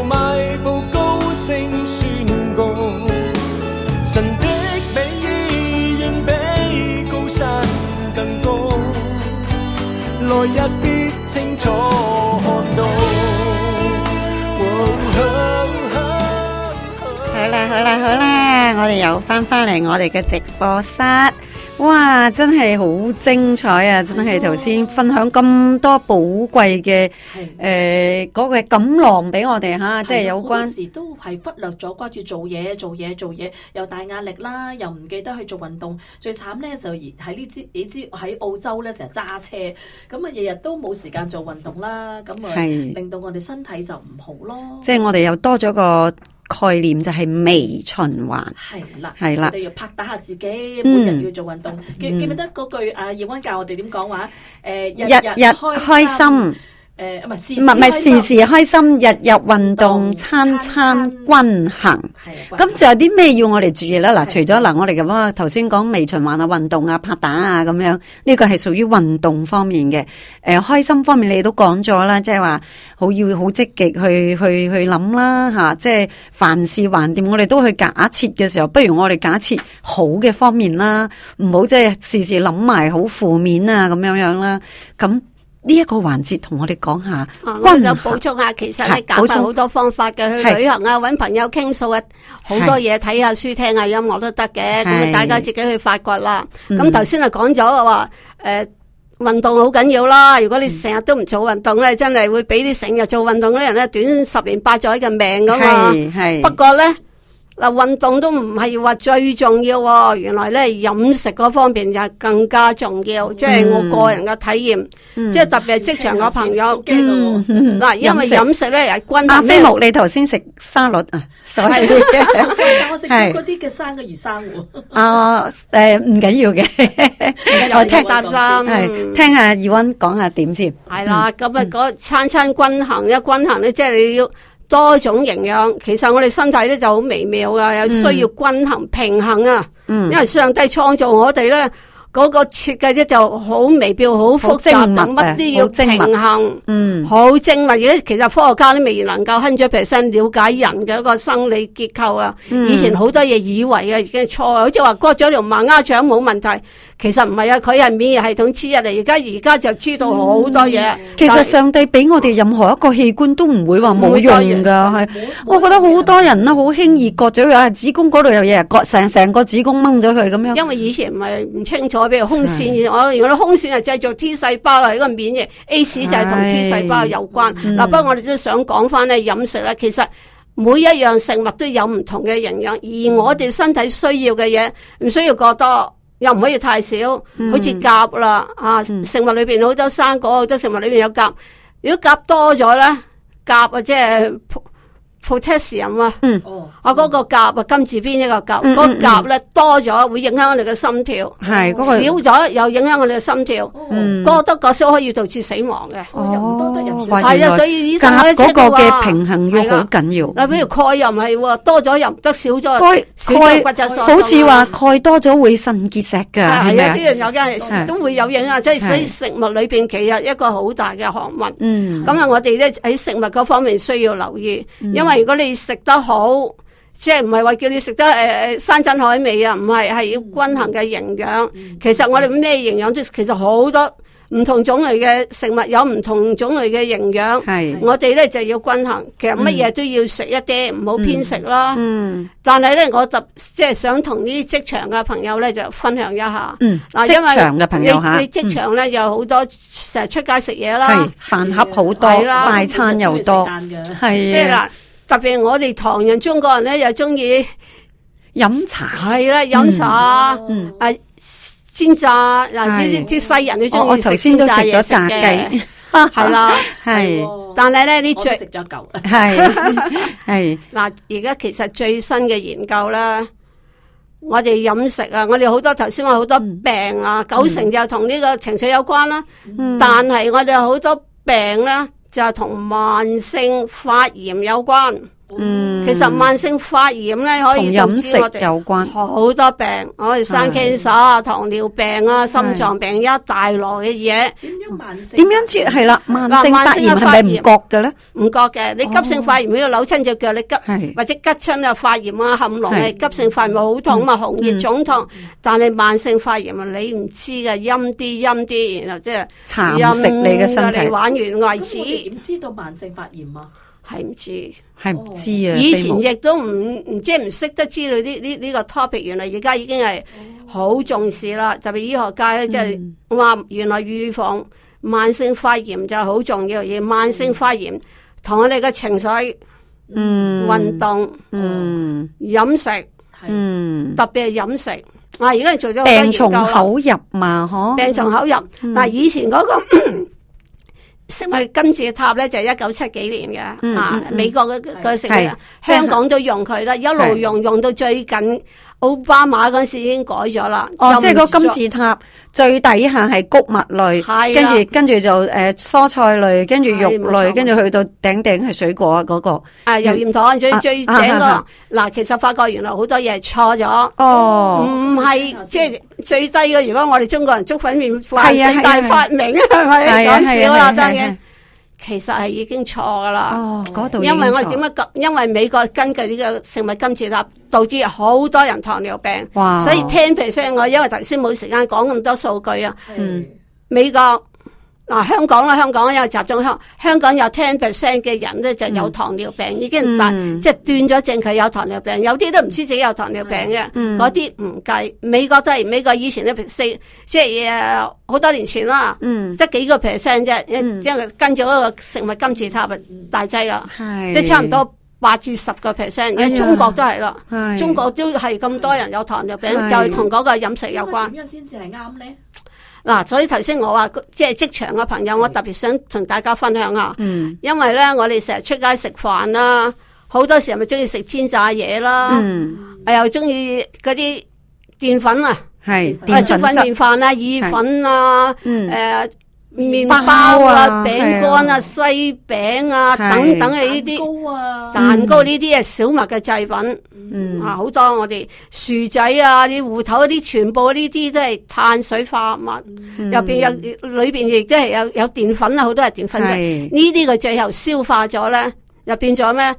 清楚到，好啦好啦好啦，我哋又返返嚟我哋嘅直播室。哇！真係好精彩啊！的真係頭先分享咁多寶貴嘅誒，嗰的、呃那個錦囊俾我哋吓，的即係有關。時都係忽略咗，掛住做嘢做嘢做嘢，又大壓力啦，又唔記得去做運動。最慘咧就係喺呢支，你知喺澳洲咧成日揸車，咁啊日日都冇時間做運動啦，咁啊令到我哋身體就唔好咯。即係、就是、我哋又多咗個。概念就係微循環，係啦的，係啦的，我哋要拍打下自己，嗯、每日要做運動，記記唔記得嗰句、嗯、啊？葉溫教我哋點講話，誒、呃，日日開心。日日開心。誒，唔係事事開心，日日運動，餐餐均衡。咁仲有啲咩要我哋注意咧？嗱，除咗嗱，我哋咁哇，頭先講微循環啊，運動啊，拍打啊，咁樣呢個係屬於運動方面嘅。誒、呃，開心方面你都講咗啦，即係話好要好積極去去去諗啦，吓，即係凡事橫掂，我哋都去假設嘅時候，不如我哋假設好嘅方面啦，唔好即係時時諗埋好負面啊，咁樣樣啦，咁。呢一個環節同我哋講下，嗯、我想補充下，其實咧搞法好多方法嘅，是去旅行啊，搵朋友傾訴啊，好是多嘢睇下書、聽下音樂都得嘅。咁啊是，大家自己去發掘啦。咁頭先啊講咗話，誒、呃，運動好緊要啦。如果你成日都唔做運動咧，是你真係會俾你成日做運動嗰啲人咧短十年八載嘅命㗎嘛。係，不過咧。嗱，運動都唔係話最重要喎，原來咧飲食嗰方面又更加重要，即係我個人嘅體驗，即係特別係職場嘅朋友。嗱，因為飲食咧又均衡。阿飛牧，你頭先食沙律啊？係，我食咗嗰啲嘅生嘅魚生喎。啊，誒唔緊要嘅，我聽擔心，係聽下 Yvonne 講下點先。係啦，咁啊，嗰餐餐均衡一均衡咧，即係你要。多種營養，其實我哋身體咧就好微妙㗎，嗯、有需要均衡平衡啊。嗯。因為上帝創造我哋咧，嗰、嗰個設計咧就好微妙、好複雜，乜都要平衡。嗯。好精密嘅，嗯、密而其實科學家都未能夠 hundred percent 了解人嘅一個生理結構啊。嗯、以前好多嘢以為啊，已經錯啊，好似話割咗條盲腸冇問題。其實唔係啊，佢係免疫系統黐入嚟，而家而家就黐到好多嘢、嗯。其實上帝俾我哋任何一個器官都唔會話冇用噶，係、嗯。是我覺得好多人都好輕易割咗，有係子宮嗰度又嘢，割成成個子宮掹咗佢咁樣。因為以前唔係唔清楚，譬如胸腺，是我原來胸腺係製造 T 細胞啊，呢個免疫 A 市就係同 T 細胞有關。嗱，不過我哋都想講翻咧飲食咧，其實每一樣食物都有唔同嘅營養，而我哋身體需要嘅嘢唔需要過多。又唔可以太少，好似鉀啦啊，嗯、食物裏邊好多生果，好多食物裏邊有鉀。如果鉀多咗咧，鉀啊即係。p 啊我嗰個鉀啊，金字邊一個鉀，個鉀咧多咗會影響我哋嘅心跳，係少咗又影響我哋嘅心跳，過多過少可以導致死亡嘅，係啊，所以醫生平衡嘅好緊要。嗱，比如鈣又唔係，多咗又唔得，少咗，鈣鈣好似話鈣多咗會腎結石嘅，係啊，啲人有嘅，都會有影響啊，即係食食物裏邊其實一個好大嘅學問，咁啊，我哋咧喺食物嗰方面需要留意，因為。如果你食得好，即係唔係話叫你食得誒誒山珍海味啊，唔係，係要均衡嘅營養。其實我哋咩營養？即其實好多唔同種類嘅食物有唔同種類嘅營養。係我哋咧就要均衡。其實乜嘢都要食一啲，唔好偏食啦。嗯，但係咧我就即係想同呢啲職場嘅朋友咧就分享一下。嗯，職場嘅朋友，你職場咧有好多成日出街食嘢啦，飯盒好多，快餐又多，係啊。特別我哋唐人中國人咧又中意飲茶，係啦，飲茶，嗯，誒煎炸嗱，啲啲西人都中意食煎炸嘢食嘅，啊，係啦，係，但係咧，你最食咗嚿，係係嗱，而家其實最新嘅研究咧，我哋飲食啊，我哋好多頭先話好多病啊，九成又同呢個情緒有關啦，嗯，但係我哋好多病咧。就係同慢性發炎有關。嗯，其實慢性發炎咧可以同飲食有關，好多病，我哋生 cancer 啊、糖尿病啊、心臟病一大類嘅嘢。點樣慢性？點樣知係啦？慢性發炎係咪唔覺嘅咧？唔覺嘅，你急性發炎，你要扭親隻腳，你急或者急親就發炎啊，冚落去。急性發炎，好痛啊，紅熱腫痛。但係慢性發炎啊，你唔知嘅，陰啲陰啲，然後即係蠶食你嘅身體，你玩完為止，咁我點知道慢性發炎啊？係唔知，係唔知啊！以前亦都唔唔即係唔識得知道呢呢呢個 topic，原來而家已經係好重視啦。特別醫學界咧，即係話原來預防慢性肺炎就好重要。而慢性肺炎同我哋嘅情緒、嗯運動、嗯飲食，嗯特別係飲食。啊，而家係做咗病從口入嘛，嗬？病從口入。嗱，以前嗰個。咁金字塔咧就一九七幾年嘅，嗯、啊，嗯、美國嘅嘅成香港都用佢啦，是一路用是用到最近。奧巴馬嗰陣時已經改咗啦，哦，即係嗰金字塔最底下係穀物類，係跟住跟住就誒蔬菜類，跟住肉類，跟住去到頂頂係水果啊嗰個，啊油鹽糖最最頂個嗱，其實發覺原來好多嘢係錯咗，哦唔係即係最低嘅，如果我哋中國人粥粉麵塊四大發明啊，係講少啦當然。其實係已經錯噶啦。哦、因為我點樣？嗯、因為美國根據呢個食物金字塔，導致好多人糖尿病。哇所以 ten percent 我因為頭先冇時間講咁多數據啊。的嗯、美國。嗱，香港啦，香港有集中香，香港有 ten percent 嘅人咧，就有糖尿病，已經但即係斷咗症佢有糖尿病，有啲都唔知自己有糖尿病嘅，嗰啲唔計。美國都係，美國以前都四即係誒好多年前啦，得幾個 percent 啫，因為跟住嗰個食物金字塔大劑啦，即係差唔多八至十個 percent，而中國都係啦，中國都係咁多人有糖尿病，就係同嗰個飲食有關。咁樣先至係啱咧。嗱、啊，所以頭先我話即係職場嘅朋友，我特別想同大家分享、嗯、啊，因為咧我哋成日出街食飯啦，好多時咪中意食煎炸嘢啦、啊，嗯、又中意嗰啲澱粉啊，係澱粉、啊、澱粉質、飯啊、意粉啊，誒是。嗯呃麵包啊、餅乾啊、啊西餅啊等等嘅呢啲蛋糕呢啲啊，嗯、小麥嘅製品，嗯、啊好多我哋薯仔啊、啲芋頭嗰啲，全部呢啲都係碳水化合物，入邊、嗯、有裏邊亦都係有有澱粉啊，好多係澱粉嘅。呢啲嘅最後消化咗呢，又變咗咩？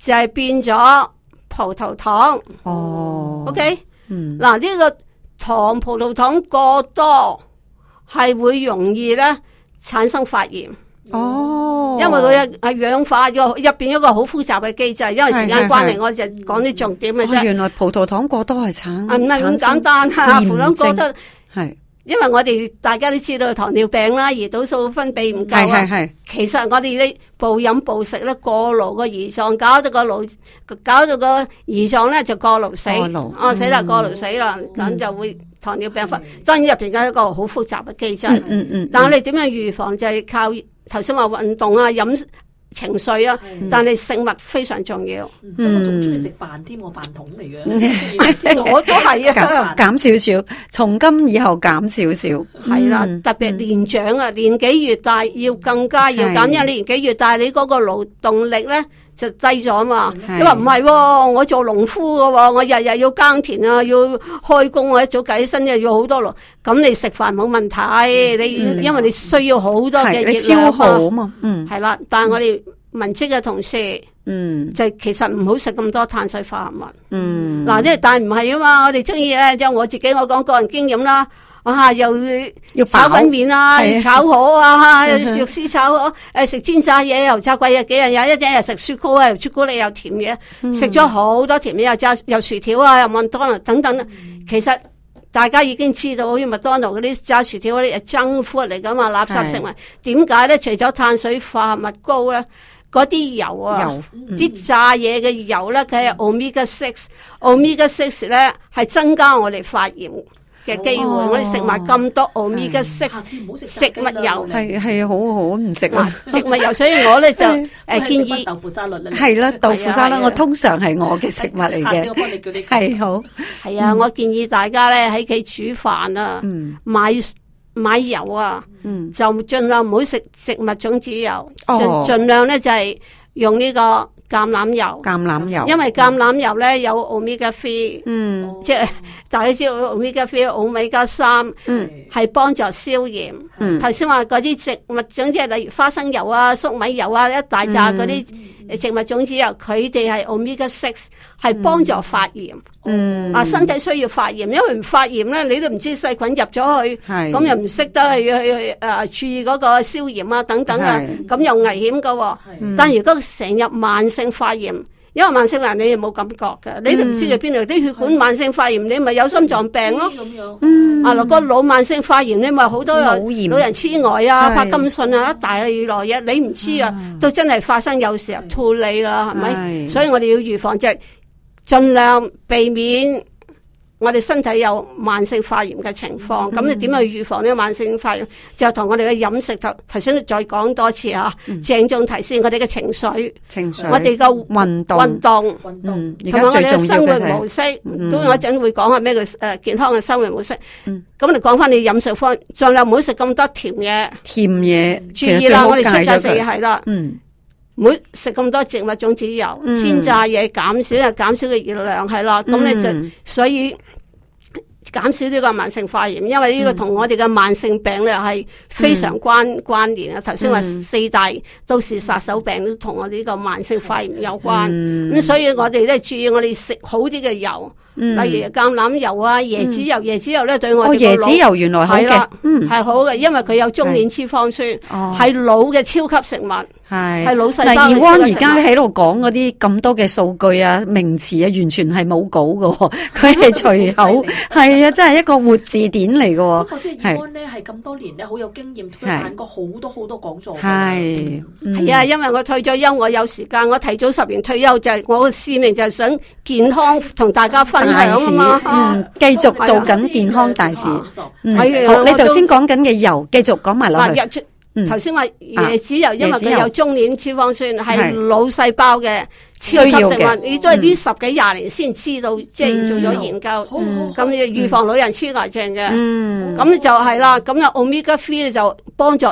就係、是、變咗葡萄糖。哦，OK，嗱呢、嗯啊呢個糖葡萄糖過多。係會容易咧產生發炎哦，因為佢一氧化咗，入邊一個好複雜嘅機制。因為時間關係，係係係我就講啲重點啫、哦。原來葡萄糖過多係產唔係咁簡單吓，葡萄糖過多係，因為我哋大家都知道糖尿病啦，胰島素分泌唔夠啊。係係其實我哋啲暴飲暴食咧過勞個，個胰臟，搞到個勞，搞到個胰臟咧就過勞死。過勞哦、嗯啊，死啦，過勞死啦，咁、嗯嗯、就會。糖尿病發，真係入邊嘅一個好複雜嘅機制。但係我哋點樣預防，就係靠頭先話運動啊、飲食情緒啊。但係食物非常重要。我仲中意食飯添，我飯桶嚟嘅。我都係啊，減少少，從今以後減少少。係啦，特別年長啊，年紀越大要更加要減，因為你年紀越大，你嗰個勞動力咧。就低咗啊嘛！是你話唔係，我做農夫嘅，哦，我日日要耕田啊，要開工，我一早計起身又要好多糧。咁你食飯冇問題，嗯、你因為你需要好多嘅熱量啊消耗嘛。嗯，係啦，但係我哋文職嘅同事，嗯，就其實唔好食咁多碳水化合物。嗯，嗱、啊，即係但係唔係啊嘛，我哋中意咧，即係我自己，我講個人經驗啦。啊哈！又炒粉麵啊，又炒河啊，肉絲炒誒食、啊、煎炸嘢又炸鬼啊，幾日又一日又食雪糕啊，朱古力又甜嘢，食咗好多甜嘢，又炸又薯條啊，又麥當勞等等。嗯、其實大家已經知道，好似麥當勞嗰啲炸薯條嗰啲係 junk food 嚟噶嘛，垃圾食物。點解咧？除咗碳水化合物高咧，嗰啲油啊，啲、嗯、炸嘢嘅油咧，佢係 omega six，omega six 咧係增加我哋發炎嘅機會，我哋食埋咁多奧米加六，食物油，係係好好唔食植物油，所以我咧就誒建議，係咯，豆腐沙律，我通常係我嘅食物嚟嘅。係好，係啊！我建議大家咧喺企煮飯啊，買買油啊，就盡量唔好食植物種子油，盡量咧就係用呢個。橄欖油，橄欖油，因為橄欖油咧有 omega three，嗯，3，嗯，即係大家知 omega three 是、omega 三，嗯，係幫助消炎。是嗯，頭先話嗰啲植物種子，總之例如花生油啊、粟米油啊，一大紮嗰啲植物種子油，佢哋係 omega six。係幫助發炎，啊身體需要發炎，因為唔發炎咧，你都唔知細菌入咗去，咁又唔識得去去誒注意嗰個消炎啊等等啊，咁又危險噶。但如果成日慢性發炎，因為慢性病你又冇感覺噶，你都唔知佢邊度啲血管慢性發炎，你咪有心臟病咯。咁樣，啊落個腦慢性發炎，你咪好多有老人痴呆啊、帕金遜啊、大動脈嘢，你唔知啊，都真係發生有時候脫離啦，係咪？所以我哋要預防即係。盡量避免我哋身體有慢性發炎嘅情況，咁你點去預防呢個慢性發炎？就同我哋嘅飲食，就提醒你再講多次啊！鄭重提示我哋嘅情緒，情緒，我哋嘅運動，運動，同埋我哋嘅生活模式，都我陣會講下咩嘅誒健康嘅生活模式。咁我哋講翻你飲食方，盡量唔好食咁多甜嘢，甜嘢注意啦！我哋推介食嘢係啦，嗯。唔好食咁多植物種子油，煎炸嘢減少又減少嘅熱量係咯，咁你就所以減少呢個慢性發炎，因為呢個同我哋嘅慢性病咧係非常關關聯啊。頭先話四大都市殺手病都同我哋呢個慢性發炎有關，咁、嗯嗯、所以我哋咧注意我哋食好啲嘅油。例如橄欖油啊、椰子油、椰子油咧，對我椰子油原來係啦，係好嘅，因為佢有中鏈脂肪酸，係老嘅超級食物，係係老細。而安而家喺度講嗰啲咁多嘅數據啊、名詞啊，完全係冇稿嘅，佢係隨口，係啊，真係一個活字典嚟嘅。不過即係葉安咧，係咁多年咧，好有經驗，同埋辦過好多好多講座。係係啊，因為我退咗休，我有時間，我提早十年退休就係我嘅使命，就係想健康同大家分。大事，嗯，繼續做緊健康大使，嗯，好，你頭先講緊嘅油，繼續講埋落去。嗯，頭先話椰子油，因為佢有中鏈脂肪酸，係腦細胞嘅超級食物，你都係呢十幾廿年先知道，即係做咗研究，咁預防老人痴呆症嘅，咁就係啦，咁又 omega three 就幫助。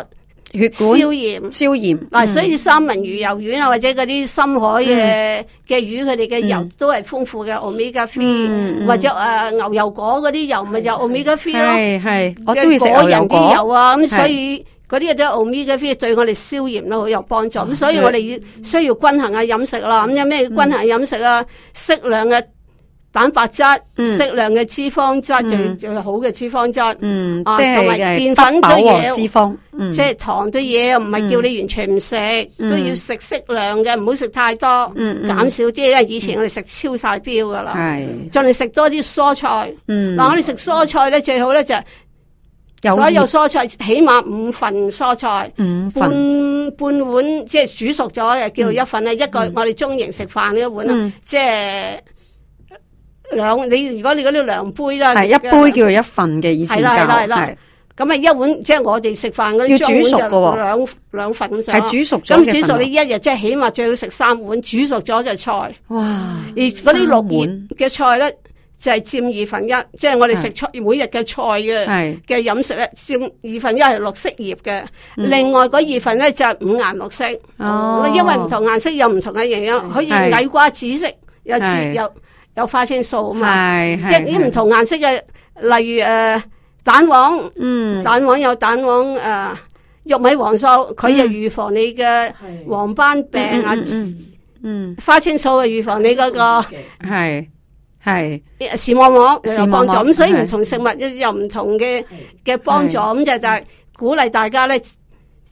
血管、消炎、消炎嗱，所以三文魚油丸啊，或者嗰啲深海嘅嘅魚，佢哋嘅油都係豐富嘅 omega three，或者誒牛油果嗰啲油咪就 omega three 咯，係我中意食果仁啲油啊，咁所以嗰啲嘅 omega three 對我哋消炎咧好有幫助。咁所以我哋要需要均衡嘅飲食啦。咁有咩均衡飲食啊？適量嘅。蛋白質適量嘅脂肪質，就係好嘅脂肪質。嗯，即係澱粉嘅嘢，脂肪。嗯，即係糖啲嘢，唔係叫你完全唔食，都要食適量嘅，唔好食太多，減少啲。因為以前我哋食超晒標噶啦，盡量食多啲蔬菜。嗱，我哋食蔬菜咧，最好咧就所有蔬菜起碼五份蔬菜，五份，半碗，即係煮熟咗又叫一份咧，一個我哋中型食飯嘅一碗即係。兩你如果你嗰啲兩杯啦，係一杯叫做一份嘅意思。教，係啦係啦係啦。咁啊一碗即係我哋食飯嗰啲，要煮熟噶兩兩份咁上下。係煮熟咗。咁煮熟你一日即係起碼最好食三碗煮熟咗嘅菜。哇！而嗰啲綠葉嘅菜咧，就係佔二分一，即係我哋食菜每日嘅菜嘅嘅飲食咧佔二分一係綠色葉嘅。另外嗰二份咧就係五顏六色。哦，因為唔同顏色有唔同嘅營養，可以矮瓜紫色又又。有花青素啊嘛，即係啲唔同顏色嘅，例如誒蛋黃，嗯，蛋黃有蛋黃誒玉米黃素，佢又預防你嘅黃斑病啊，嗯，花青素嘅預防你嗰個係係視網膜有幫助，咁所以唔同食物又唔同嘅嘅幫助，咁就就係鼓勵大家咧。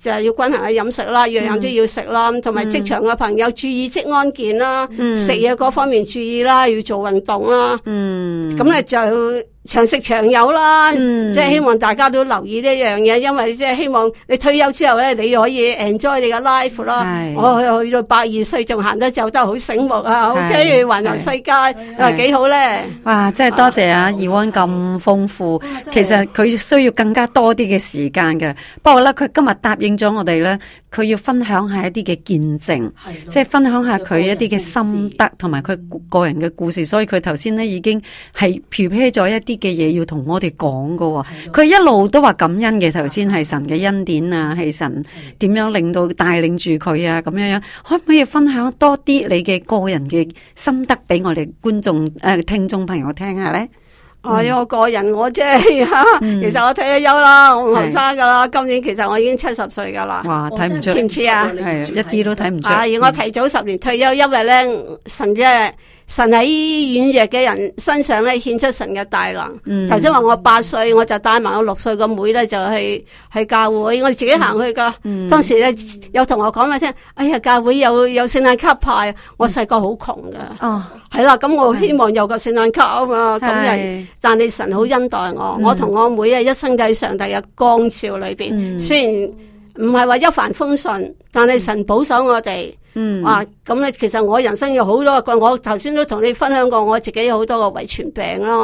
就係要均衡嘅飲食啦，樣樣都要食啦，咁同埋職場嘅朋友注意職安健啦，嗯、食嘢嗰方面注意啦，要做運動啦，咁咧、嗯、就。長食長有啦，嗯、即係希望大家都留意呢樣嘢，因為即係希望你退休之後咧，你可以 enjoy 你嘅 life 啦。是我去到百二歲仲行得走得好醒目啊，好锺意環遊世界啊，幾好咧！哇，真係多謝啊 Yvonne 咁豐富，啊、其實佢需要更加多啲嘅時間嘅。不過咧，佢今日答應咗我哋咧，佢要分享一下一啲嘅見證，的即係分享下佢一啲嘅心得同埋佢個人嘅故事。所以佢頭先咧已經係 prepare 咗一啲。嘅嘢要同我哋講噶，佢一路都話感恩嘅。頭先係神嘅恩典啊，係神點樣令到帶領住佢啊，咁樣樣，可唔可以分享多啲你嘅個人嘅心得俾我哋觀眾誒，聽眾朋友聽下咧？我個人我即係，其實我退休啦，我唔後生噶啦，今年其實我已經七十歲噶啦。哇，睇唔出似唔似啊？係一啲都睇唔出。而我提早十年退休，因為咧神嘅。神喺軟弱嘅人身上咧，顯出神嘅大能。頭先話我八歲，我就帶埋我六歲個妹咧，就去去教會，我哋自己行去噶。嗯、當時咧有同學講話聽，哎呀，教會有有聖誕卡派，我細個好窮噶。哦，係啦，咁我希望有個聖誕卡啊嘛。咁又、嗯，但係神好恩待我，嗯、我同我妹啊，一生喺上帝嘅光照裏邊。嗯、雖然唔係話一帆風順，但係神保守我哋。嗯，哇！咁咧，其實我人生有好多個，我頭先都同你分享過我自己有好多個遺傳病啦，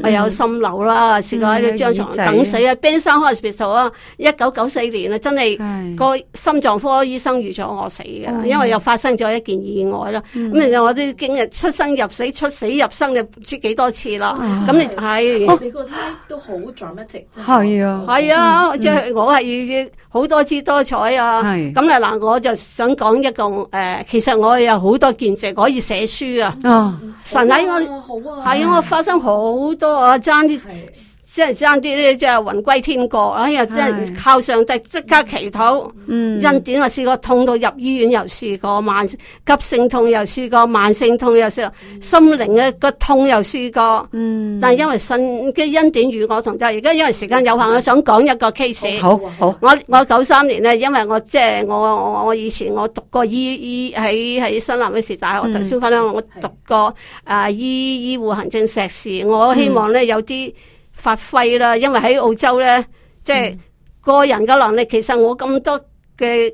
我有心瘤啦，試過喺張床等死啊，冰山 hospital 啊，一九九四年咧真係個心臟科醫生預咗我死嘅，因為又發生咗一件意外啦。咁其實我都經日出生入死，出死入生你唔知幾多次啦。咁你係，你個胎都好壯一直，真係係啊，係啊，即係我係要好多姿多彩啊。咁啊嗱，我就想講一個。誒、呃，其實我有好多見證可以寫書啊。噶、嗯，啊、神喺我好係、啊、我發生好多啊爭啲。是差即係爭啲咧，即係魂歸天國。哎呀，即係靠上帝即刻祈禱。恩、 嗯、典我試過痛到入醫院又試，又試過慢急性痛又試，又試過慢性痛又試過，又試心靈嘅個痛又試過。嗯、但係因為神嘅恩典與我同在。而家因為時間有限，我想講一個 case 好。好，好我我九三年咧，因為我即係我我我以前我讀過醫醫喺喺新南威爾士大學，頭先翻返我讀過是啊醫醫護行政碩士。我希望咧有啲。 發揮啦，因為喺澳洲咧，即係個人嘅能力。其實我咁多嘅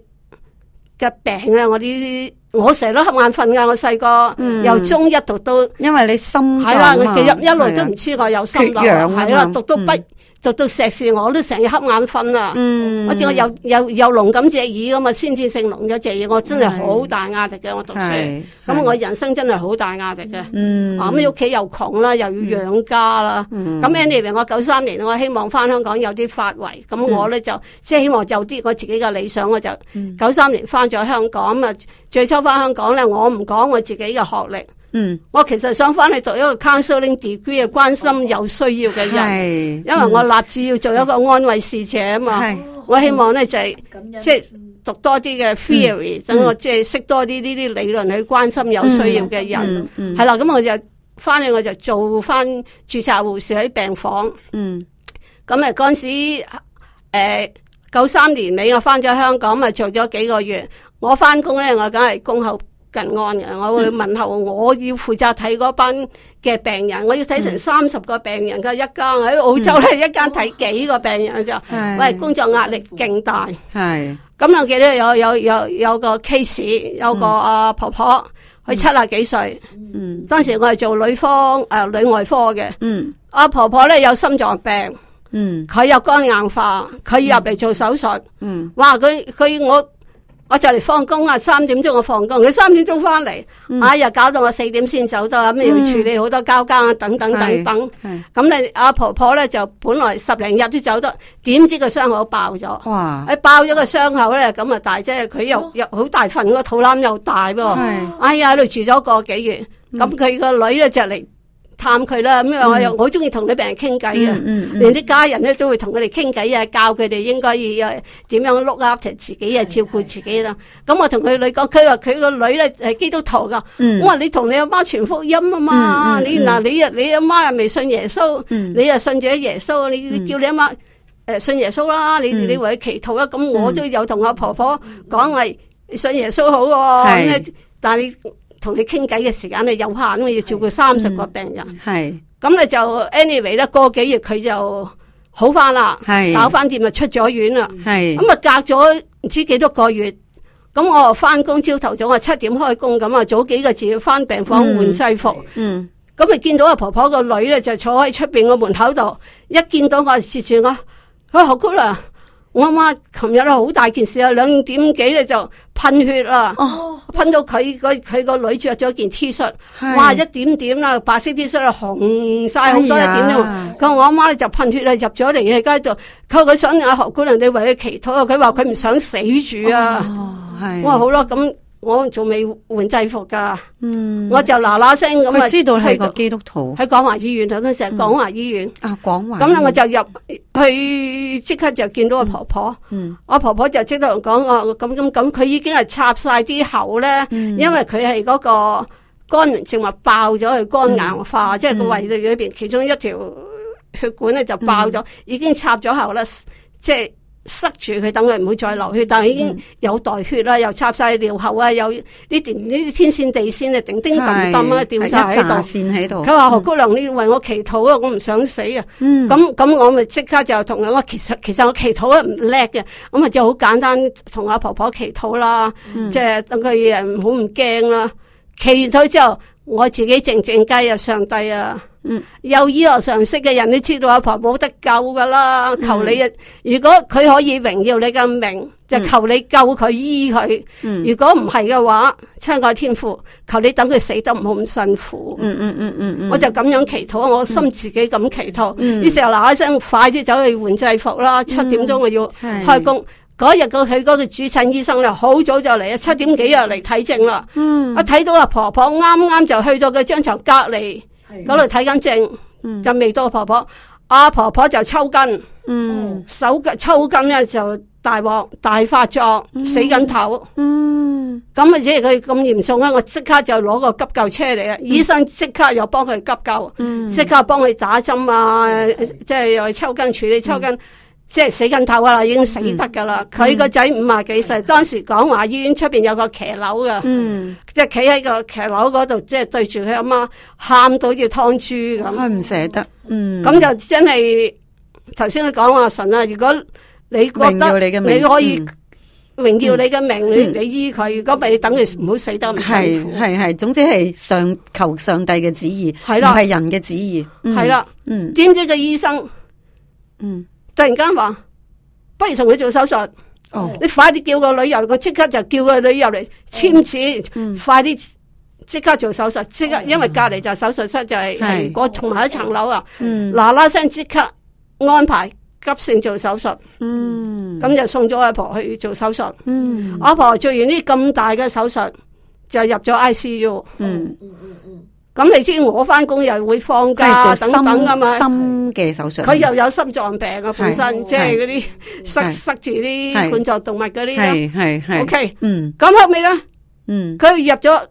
嘅病咧、啊，我啲我成日都瞌眼瞓噶。我細個、嗯、由中一讀到，因為你心臟、啊啊，我一路都唔知我有心臟嘛，係啦、啊，讀到畢。讀到碩士我都成日瞌眼瞓啊！嗯、我自我又又又聾咁隻耳咁嘛，先天性聾咗隻耳，我真係好大壓力嘅。我讀書，咁我人生真係好大壓力嘅。咁你屋企又窮啦，又要養家啦。咁、嗯、Anyway，我九三年，我希望翻香港有啲發圍。咁我咧就、嗯、即係希望就啲我自己嘅理想，我就九三、嗯、年翻咗香港。啊最初翻香港咧，我唔講我自己嘅學歷。嗯，我其實想翻去讀一個 counseling degree，關心有需要嘅人，哦、因為我立志要做一個安慰士者啊嘛。哦、我希望呢就係、是嗯、即係讀多啲嘅 theory，等、嗯嗯、我即係識多啲呢啲理論去關心有需要嘅人。係啦、嗯，咁、嗯嗯、我就翻去我就做翻註冊護士喺病房。嗯，咁啊嗰陣時誒九三年尾我翻咗香港啊，做咗幾個月。我翻工呢，我梗係工後。近安嘅，我會問候。我要負責睇嗰班嘅病人，我要睇成三十個病人噶，一間喺澳洲咧，一間睇幾個病人就，喂，工作壓力勁大。係咁我記得有有有有個 case，有個阿婆婆佢七啊幾歲，當時我係做女科誒女外科嘅，阿婆婆咧有心臟病，佢又肝硬化，佢入嚟做手術，哇佢佢我。我就嚟放工啊，三點鐘我放工，佢三點鐘翻嚟，嗯、哎呀搞到我四點先走得，咁、嗯、要處理好多交接啊，等等等等。咁你阿婆婆咧就本來十零日都走得，點知個傷口爆咗，哇！誒、哎，爆咗個傷口咧，咁啊大啫，佢又又好大份個肚腩又大喎。哦、哎呀，喺度住咗個幾月，咁佢個女咧就嚟探佢啦，咁樣我又好中意同啲病人傾偈啊，連啲家人咧都會同佢哋傾偈啊，教佢哋應該要點樣碌啊，自己啊照顧自己啦。咁我同佢女講，佢話佢個女咧係基督徒噶，嗯、我話你同你阿媽傳福音啊嘛，嗯嗯嗯、你嗱你啊你阿媽又未信耶穌，嗯、你又信住阿耶穌，你叫你阿媽誒信耶穌啦，你、嗯、你為佢祈禱啦，咁我都有同阿婆婆講係信耶穌好、啊嗯，但係。但同你傾偈嘅時間咧有限，咁要照顧三十個病人，係咁咧就，anyway 咧，過幾月佢就好翻啦，係搞翻掂啊，出咗院啦，係咁啊，隔咗唔知幾多個月，咁我啊翻工，朝頭早啊七點開工，咁啊早幾個字要翻病房換製服，嗯，咁啊見到阿婆婆個女咧就坐喺出邊個門口度，一見到我啊，直住我，佢好攰啦。我阿媽琴日咧好大件事啊，兩點幾咧就噴血啦，噴、哦、到佢佢佢個女着咗件 T 恤，shirt, 是哇一點點啦，白色 T 恤啦紅晒好多一點咁，哎、呀我阿媽咧就噴血啊入咗嚟啊，而家就佢佢想阿何姑娘你為佢祈禱啊，佢話佢唔想死住啊，我話好啦咁。我仲未換制服噶，嗯、我就嗱嗱聲咁，我知道係個基督徒喺，嗯啊、廣華醫院，頭先成日廣華醫院啊，廣華咁啦，我就入去即刻就見到個婆婆。嗯嗯、我婆婆就即刻講：我咁咁咁，佢已經係插晒啲喉咧，嗯、因為佢係嗰個肝臟植物爆咗，去肝硬化，嗯嗯、即係個胃裏邊其中一條血管咧就爆咗，嗯，已經插咗喉啦，即係。塞住佢，等佢唔會再流血，但係已經有袋血啦，又插晒尿喉啊，又呢啲呢啲天線地線啊，叮叮噹噹啊，是吊晒喺度。線喺度。佢話、嗯、何姑娘，你為我祈禱啊，我唔想死啊。嗯。咁咁，我咪即刻就同佢我其實其實我祈禱啊唔叻嘅，咁啊就好簡單同阿婆婆祈禱啦，即係等佢人唔好唔驚啦。祈完咗之後，我自己靜靜雞啊，上帝啊。嗯、有醫學常識嘅人你知道阿婆冇得救噶啦，求你啊！嗯、如果佢可以榮耀你嘅名，就求你救佢醫佢。嗯、如果唔係嘅話，親愛天父，求你等佢死得唔好咁辛苦。嗯嗯嗯嗯，我就咁樣祈禱，我心自己咁祈禱。於、嗯、是又嗱一聲，快啲走去換制服啦，七點鐘我要開工。嗰日到佢嗰個主診醫生咧，好早就嚟，七點幾又嚟睇症啦。嗯、我睇到阿婆婆啱啱就去到佢張床隔籬。嗰度睇緊症，嗯、就未到婆婆，阿、啊、婆婆就抽筋，嗯、手腳抽筋咧就大鑊，大發作，嗯、死緊頭，咁啊即係佢咁嚴重咧，我即刻就攞個急救車嚟啦，嗯、醫生即刻又幫佢急救，即、嗯、刻幫佢打針啊，即係又抽筋處理、嗯、抽筋。即係死緊頭噶啦，已經死得噶啦。佢個仔五廿幾歲，當時廣華醫院出邊有個騎樓噶，即係企喺個騎樓嗰度，即係對住佢阿媽，喊到要劏豬咁。佢唔捨得。咁就真係頭先佢講話神啊，如果你覺得你可以榮耀你嘅命，你你醫佢，如果唔係你等佢唔好死得咁辛苦。係係係，總之係上求上帝嘅旨意，係人嘅旨意。係啦，嗯，點知個醫生，嗯。突然間話，不如同佢做手術，oh. 你快啲叫個女，我即刻就叫個女嚟簽紙，oh. 快啲即刻做手術，即刻，oh. 因為隔籬就手術室就係、是那個，係我同埋一層樓啊，嗱嗱聲即刻安排急性做手術，咁、oh. 就送咗阿婆,婆去做手術，阿、oh. 婆做完呢咁大嘅手術就入咗 I C U、oh. 嗯。咁你知我翻工又會放假等等噶嘛？心嘅手術，佢又有心臟病啊，本身即係嗰啲塞塞住啲冠狀動脈嗰啲咯。O K，嗯，咁後尾咧，嗯，佢入咗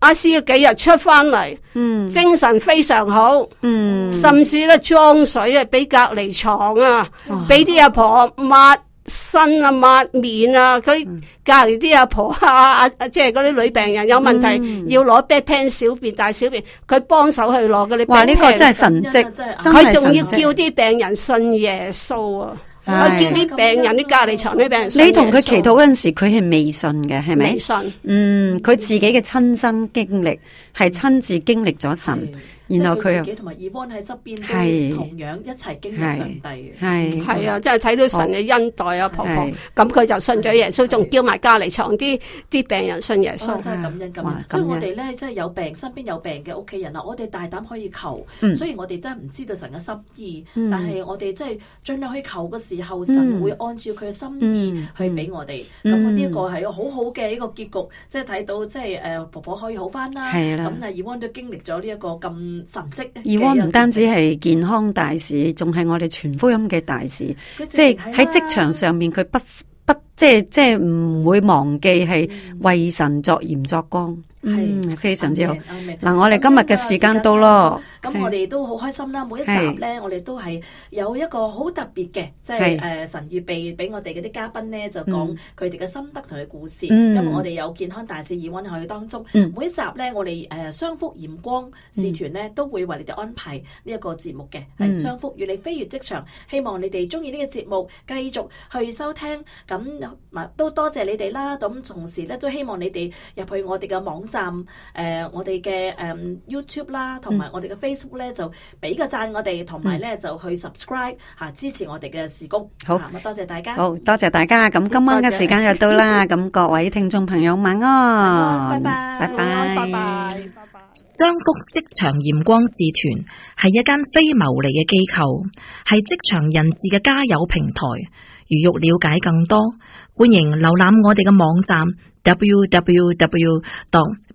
阿 Sir 幾日出翻嚟，嗯，精神非常好，嗯，甚至咧裝水啊，俾隔離床啊，俾啲阿婆抹。身啊，抹面啊，佢隔籬啲阿婆啊，即係嗰啲女病人有問題，要攞 bedpan 小便大小便，佢幫手去攞嘅。哇，呢個真係神蹟，佢仲要叫啲病人信耶穌啊！佢叫啲病人啲隔籬床啲病人，你同佢祈禱嗰陣時，佢係未信嘅，係咪？未信？嗯，佢自己嘅親身經歷係親自經歷咗神。然後佢自己同埋 Yvonne 喺側邊都同樣一齊經歷上帝嘅。係啊，即係睇到神嘅恩待啊，婆婆，咁佢就信咗耶穌，仲叫埋隔籬床啲啲病人信耶穌，哇！所以我哋咧，即係有病，身邊有病嘅屋企人啊，我哋大膽可以求。雖然我哋真係唔知道神嘅心意，但係我哋即係盡量去求嘅時候，神會按照佢嘅心意去俾我哋。咁呢一個係好好嘅一個結局，即係睇到即係誒婆婆可以好翻啦。咁啊，Yvonne 都經歷咗呢一個咁。而我唔單止係健康大使，仲係我哋全福音嘅大使。啊、即係喺職場上面，佢不即即不即係即係唔會忘記係為神作鹽作光。係非常之好嗱，我哋今日嘅時間到咯，咁我哋都好開心啦。每一集呢，我哋都係有一個好特別嘅，即係誒神預備俾我哋嗰啲嘉賓呢，就講佢哋嘅心得同嘅故事。因為我哋有健康大使 Yvonne 喺當中，每一集呢，我哋誒商福鹽光使團呢，都會為你哋安排呢一個節目嘅，係商福與你飛越職場。希望你哋中意呢個節目，繼續去收聽。咁都多謝你哋啦。咁同時呢，都希望你哋入去我哋嘅網。站誒，我哋嘅誒 YouTube 啦，同埋我哋嘅 Facebook 咧，就俾個讚我哋，同埋咧就去 subscribe 嚇支持我哋嘅事工。好，多謝大家。好，多謝大家。咁今晚嘅時間又到啦，咁各位聽眾朋友晚安，拜拜，拜拜，拜拜，拜拜。商福職場鹽光使團係一間非牟利嘅機構，係職場人士嘅加油平台。如欲了解更多，歡迎瀏覽我哋嘅網站 www.